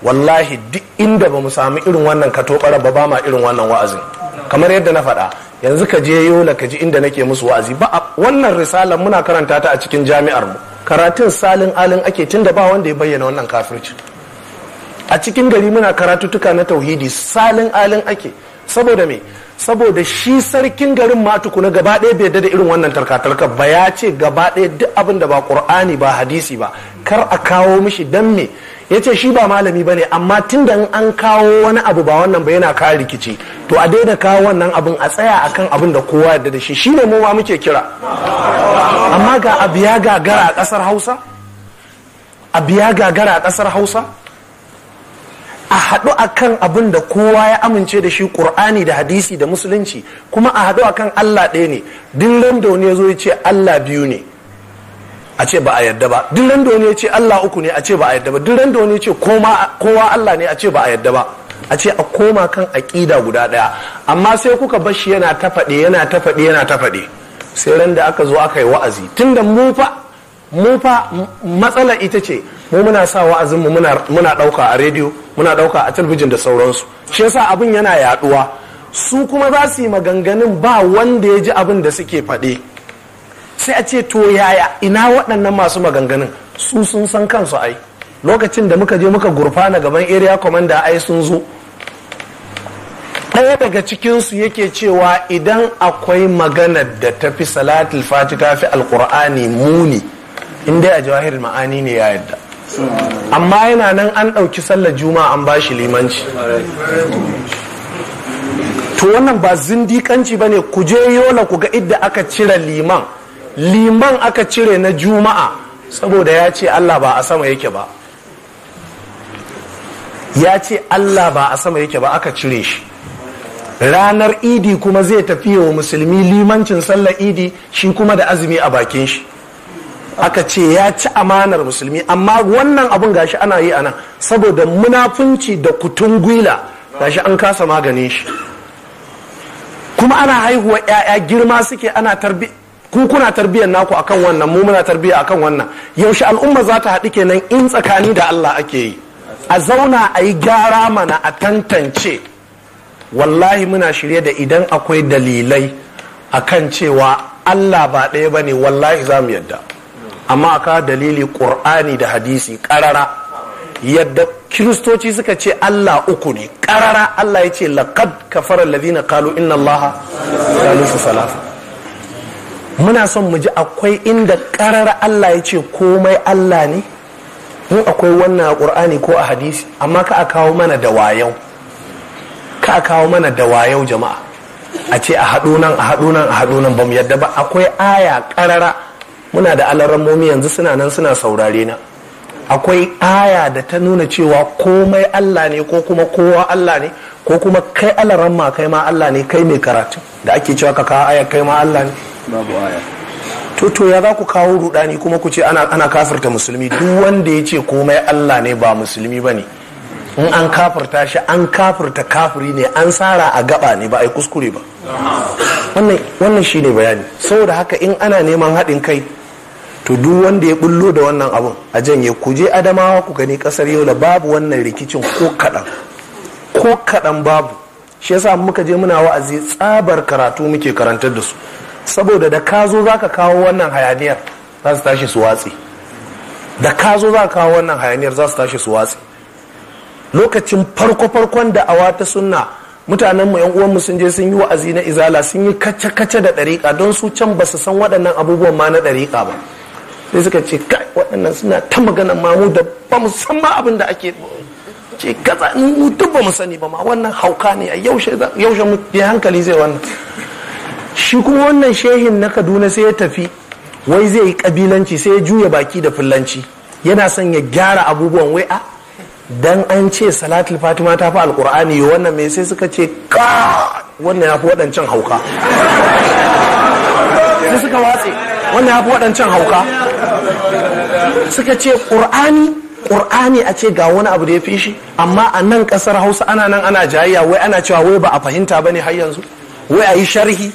wallahi duk inda ba mu samu irin wannan katobara ba ba ma irin wannan wa'azin kamar yadda na faɗa yanzu ka je yola ka ji inda nake musu wa'azi ba wannan risalar muna karanta ta a cikin jami'ar mu karatun salin alin ake tunda ba wanda ya bayyana wannan kafircin a cikin gari muna karatutuka na tauhidi salin alin ake saboda me saboda shi sarkin garin ma tukuna gaba ɗaya bai da irin wannan tarkatarka ba ya ce gaba ɗaya duk abin da ba ƙur'ani ba hadisi ba kar a kawo mishi dan me ya ce shi ba malami ba ne amma tun da an kawo wani abu ba wannan ba yana kawo rikici to a daina kawo wannan abin a tsaya a kan abin da kowa yadda da shi shine mu ma muke kira amma ga abu a ƙasar hausa gagara a ƙasar hausa a haɗu akan abin da kowa ya amince da shi ƙur'ani da hadisi da musulunci kuma a haɗu akan Allah ɗaya ne dillan da wani ya zo ya ce Allah biyu ne a ce ba a yarda ba dillan da wani ya ce Allah uku ne a ce ba a yarda ba dillan da wani ya ce kowa Allah ne a ce ba a yarda ba a ce a koma kan aƙida guda ɗaya amma sai kuka bar shi yana ta faɗe yana ta faɗe yana ta faɗe sai randa aka zo aka yi wa'azi tunda mu fa mu fa matsala ita ce mu muna sa wa'azinmu muna dauka a rediyo muna dauka a talbijin da sauransu shi yasa abin yana yaɗuwa su kuma za su yi maganganun ba wanda ya ji abin da suke faɗe sai a ce to yaya ina waɗannan masu maganganun su sun san kansu ai lokacin da muka je muka gurfana gaban area commander ai sun zo ɗaya daga cikinsu yake cewa idan akwai maganar da tafi fi salatul fatiha fi alkur'ani muni in dai a jawahir ma'ani ne ya yadda amma yana nan an ɗauki sallar juma'a an ba shi limanci to wannan ba zindikanci ba ne ku je yola ku ga idda aka cire liman liman aka cire na juma'a saboda ya ce allah ba a sama yake ba ya ce allah ba a sama yake ba aka cire shi ranar idi kuma zai tafi wa musulmi limancin sallar idi shi kuma da azumi a bakin shi aka ce ya ci amanar musulmi amma wannan abun gashi ana yi anan saboda munafunci da kutun gwila gashi an kasa maganin shi kuma ana haihuwa 'ya'ya girma suke ana tarbi ku kuna tarbiyyar naku akan wannan mu muna tarbiyya akan wannan yaushe al'umma za ta haɗu kenan in tsakani da Allah ake yi a zauna a yi gyara mana a tantance wallahi muna shirye da idan akwai dalilai akan cewa Allah ba ɗaya ba ne wallahi za mu yadda amma aka dalili ƙur'ani da hadisi ƙarara yadda kiristoci suka ce Allah uku ne ƙarara Allah ya ce laqad kafara alladhina qalu inna allaha thalithu salafa muna son mu ji akwai inda ƙarara Allah ya ce komai Allah ne in akwai wannan a ƙur'ani ko a hadisi amma ka a kawo mana da wayau ka a kawo mana da wayau jama'a a ce a haɗo nan a haɗo nan a haɗo nan ba mu yadda ba akwai aya ƙarara muna da alarammomi yanzu suna nan suna saurare na akwai aya da ta nuna cewa komai Allah ne ko kuma kowa Allah ne ko kuma kai alaramma kai ma Allah ne kai mai karatu da ake cewa ka kawo aya kai ma Allah ne babu aya to to ya za ku kawo rudani kuma ku ce ana ana kafirta musulmi duk wanda ya ce komai Allah ne ba musulmi bane in an kafirta shi an kafirta kafiri ne an tsara a gaba ne ba a yi kuskure ba wannan shine bayani saboda haka in ana neman haɗin kai to duk wanda ya bullo da wannan abun a janye ku je adamawa ku gani kasar da babu wannan rikicin ko kaɗan ko kaɗan babu shi yasa muka je muna wa'azi tsabar karatu muke karantar da su saboda da ka zo za ka kawo wannan hayaniyar za su tashi su watsi da ka zo za kawo wannan hayaniyar za su tashi su watsi lokacin farko-farkon da awa ta sunna mutanen mu yan uwanmu sun je sun yi wa'azi na izala sun yi kace-kace da ɗarika don su can ba su san waɗannan abubuwan ma na ɗarika ba sai suka ce kai waɗannan suna ta magana mamu da ba mu san ma abin da ake ce kaza in mu duk ba mu sani ba ma wannan hauka ne a yaushe mu ya hankali zai wannan shi kuma wannan shehin na Kaduna sai ya tafi wai zai yi kabilanci sai ya juya baki da fullanci yana son ya gyara abubuwan wai a ah, dan an ce salatul fatima ta fi alkur'ani wannan mai sai suka ce ka wannan ya fi waɗancan hauka sai suka watse wannan ya fi waɗancan hauka suka ce ƙur'ani ƙur'ani a ce ga wani abu da ya fi shi amma a nan ƙasar hausa ana nan ana jayayya wai ana cewa wai ba a fahimta ba ne har yanzu wai a yi sharhi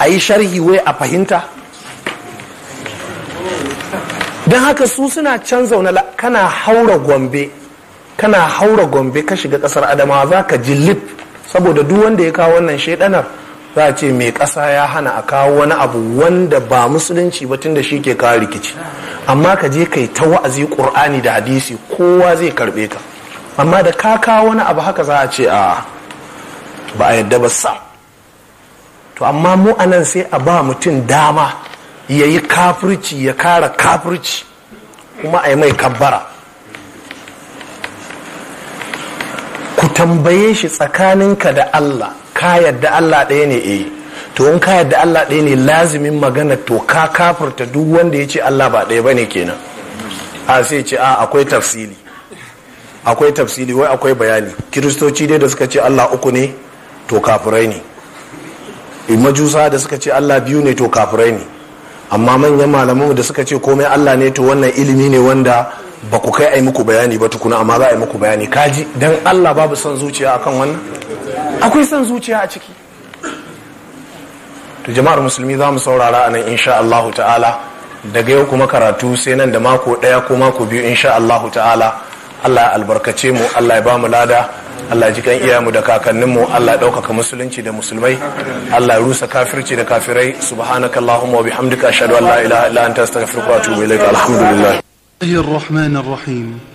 a yi sharhi wai a fahimta don haka su suna can zaune kana haura gombe kana haura gombe ka shiga ƙasar adamawa za ka jillif saboda duk wanda ya kawo wannan shaidanar za a ce mai ƙasa ya hana a kawo wani abu wanda ba musulunci ba tun da shi ke kawo rikici amma ka je kai ta wa'azi ƙur'ani da hadisi kowa zai karɓe ka amma da ka kawo wani abu haka za a ce a ba a yadda ba sa, to amma mu anan sai a ba mutum dama ya yi kafirci ya kara kafirci kuma a yi mai kabbara ku tambaye shi tsakaninka da Allah ka yadda Allah ɗaya ne eh to in ka yadda Allah ɗaya ne lazimin magana to ka kafirta duk wanda ya ce Allah ba ɗaya bane kenan a sai ce a akwai tafsili akwai tafsili wai akwai bayani kiristoci dai da suka ce Allah uku ne to kafirai ne eh, majusa da suka ce Allah biyu ne to kafirai ne amma manyan malaman da suka ce komai Allah ne to wannan ilimi ne wanda ba ku kai ai muku bayani ba tukuna amma za a yi muku bayani kaji dan Allah babu son zuciya akan wannan akwai son zuciya a ciki to jama'ar musulmi za mu saurara a nan insha Allahu ta'ala daga yau kuma karatu sai nan da mako ɗaya ko mako biyu insha Allahu ta'ala Allah ya albarkace mu Allah ya ba mu lada Allah ji kan iyayenmu da kakanninmu Allah ya ɗaukaka musulunci da musulmai Allah ya rusa kafirci da kafirai subhanakallahumma wa bihamdika ashhadu an la ilaha illa anta astaghfiruka wa atubu ilaik alhamdulillah الرحمن الرحيم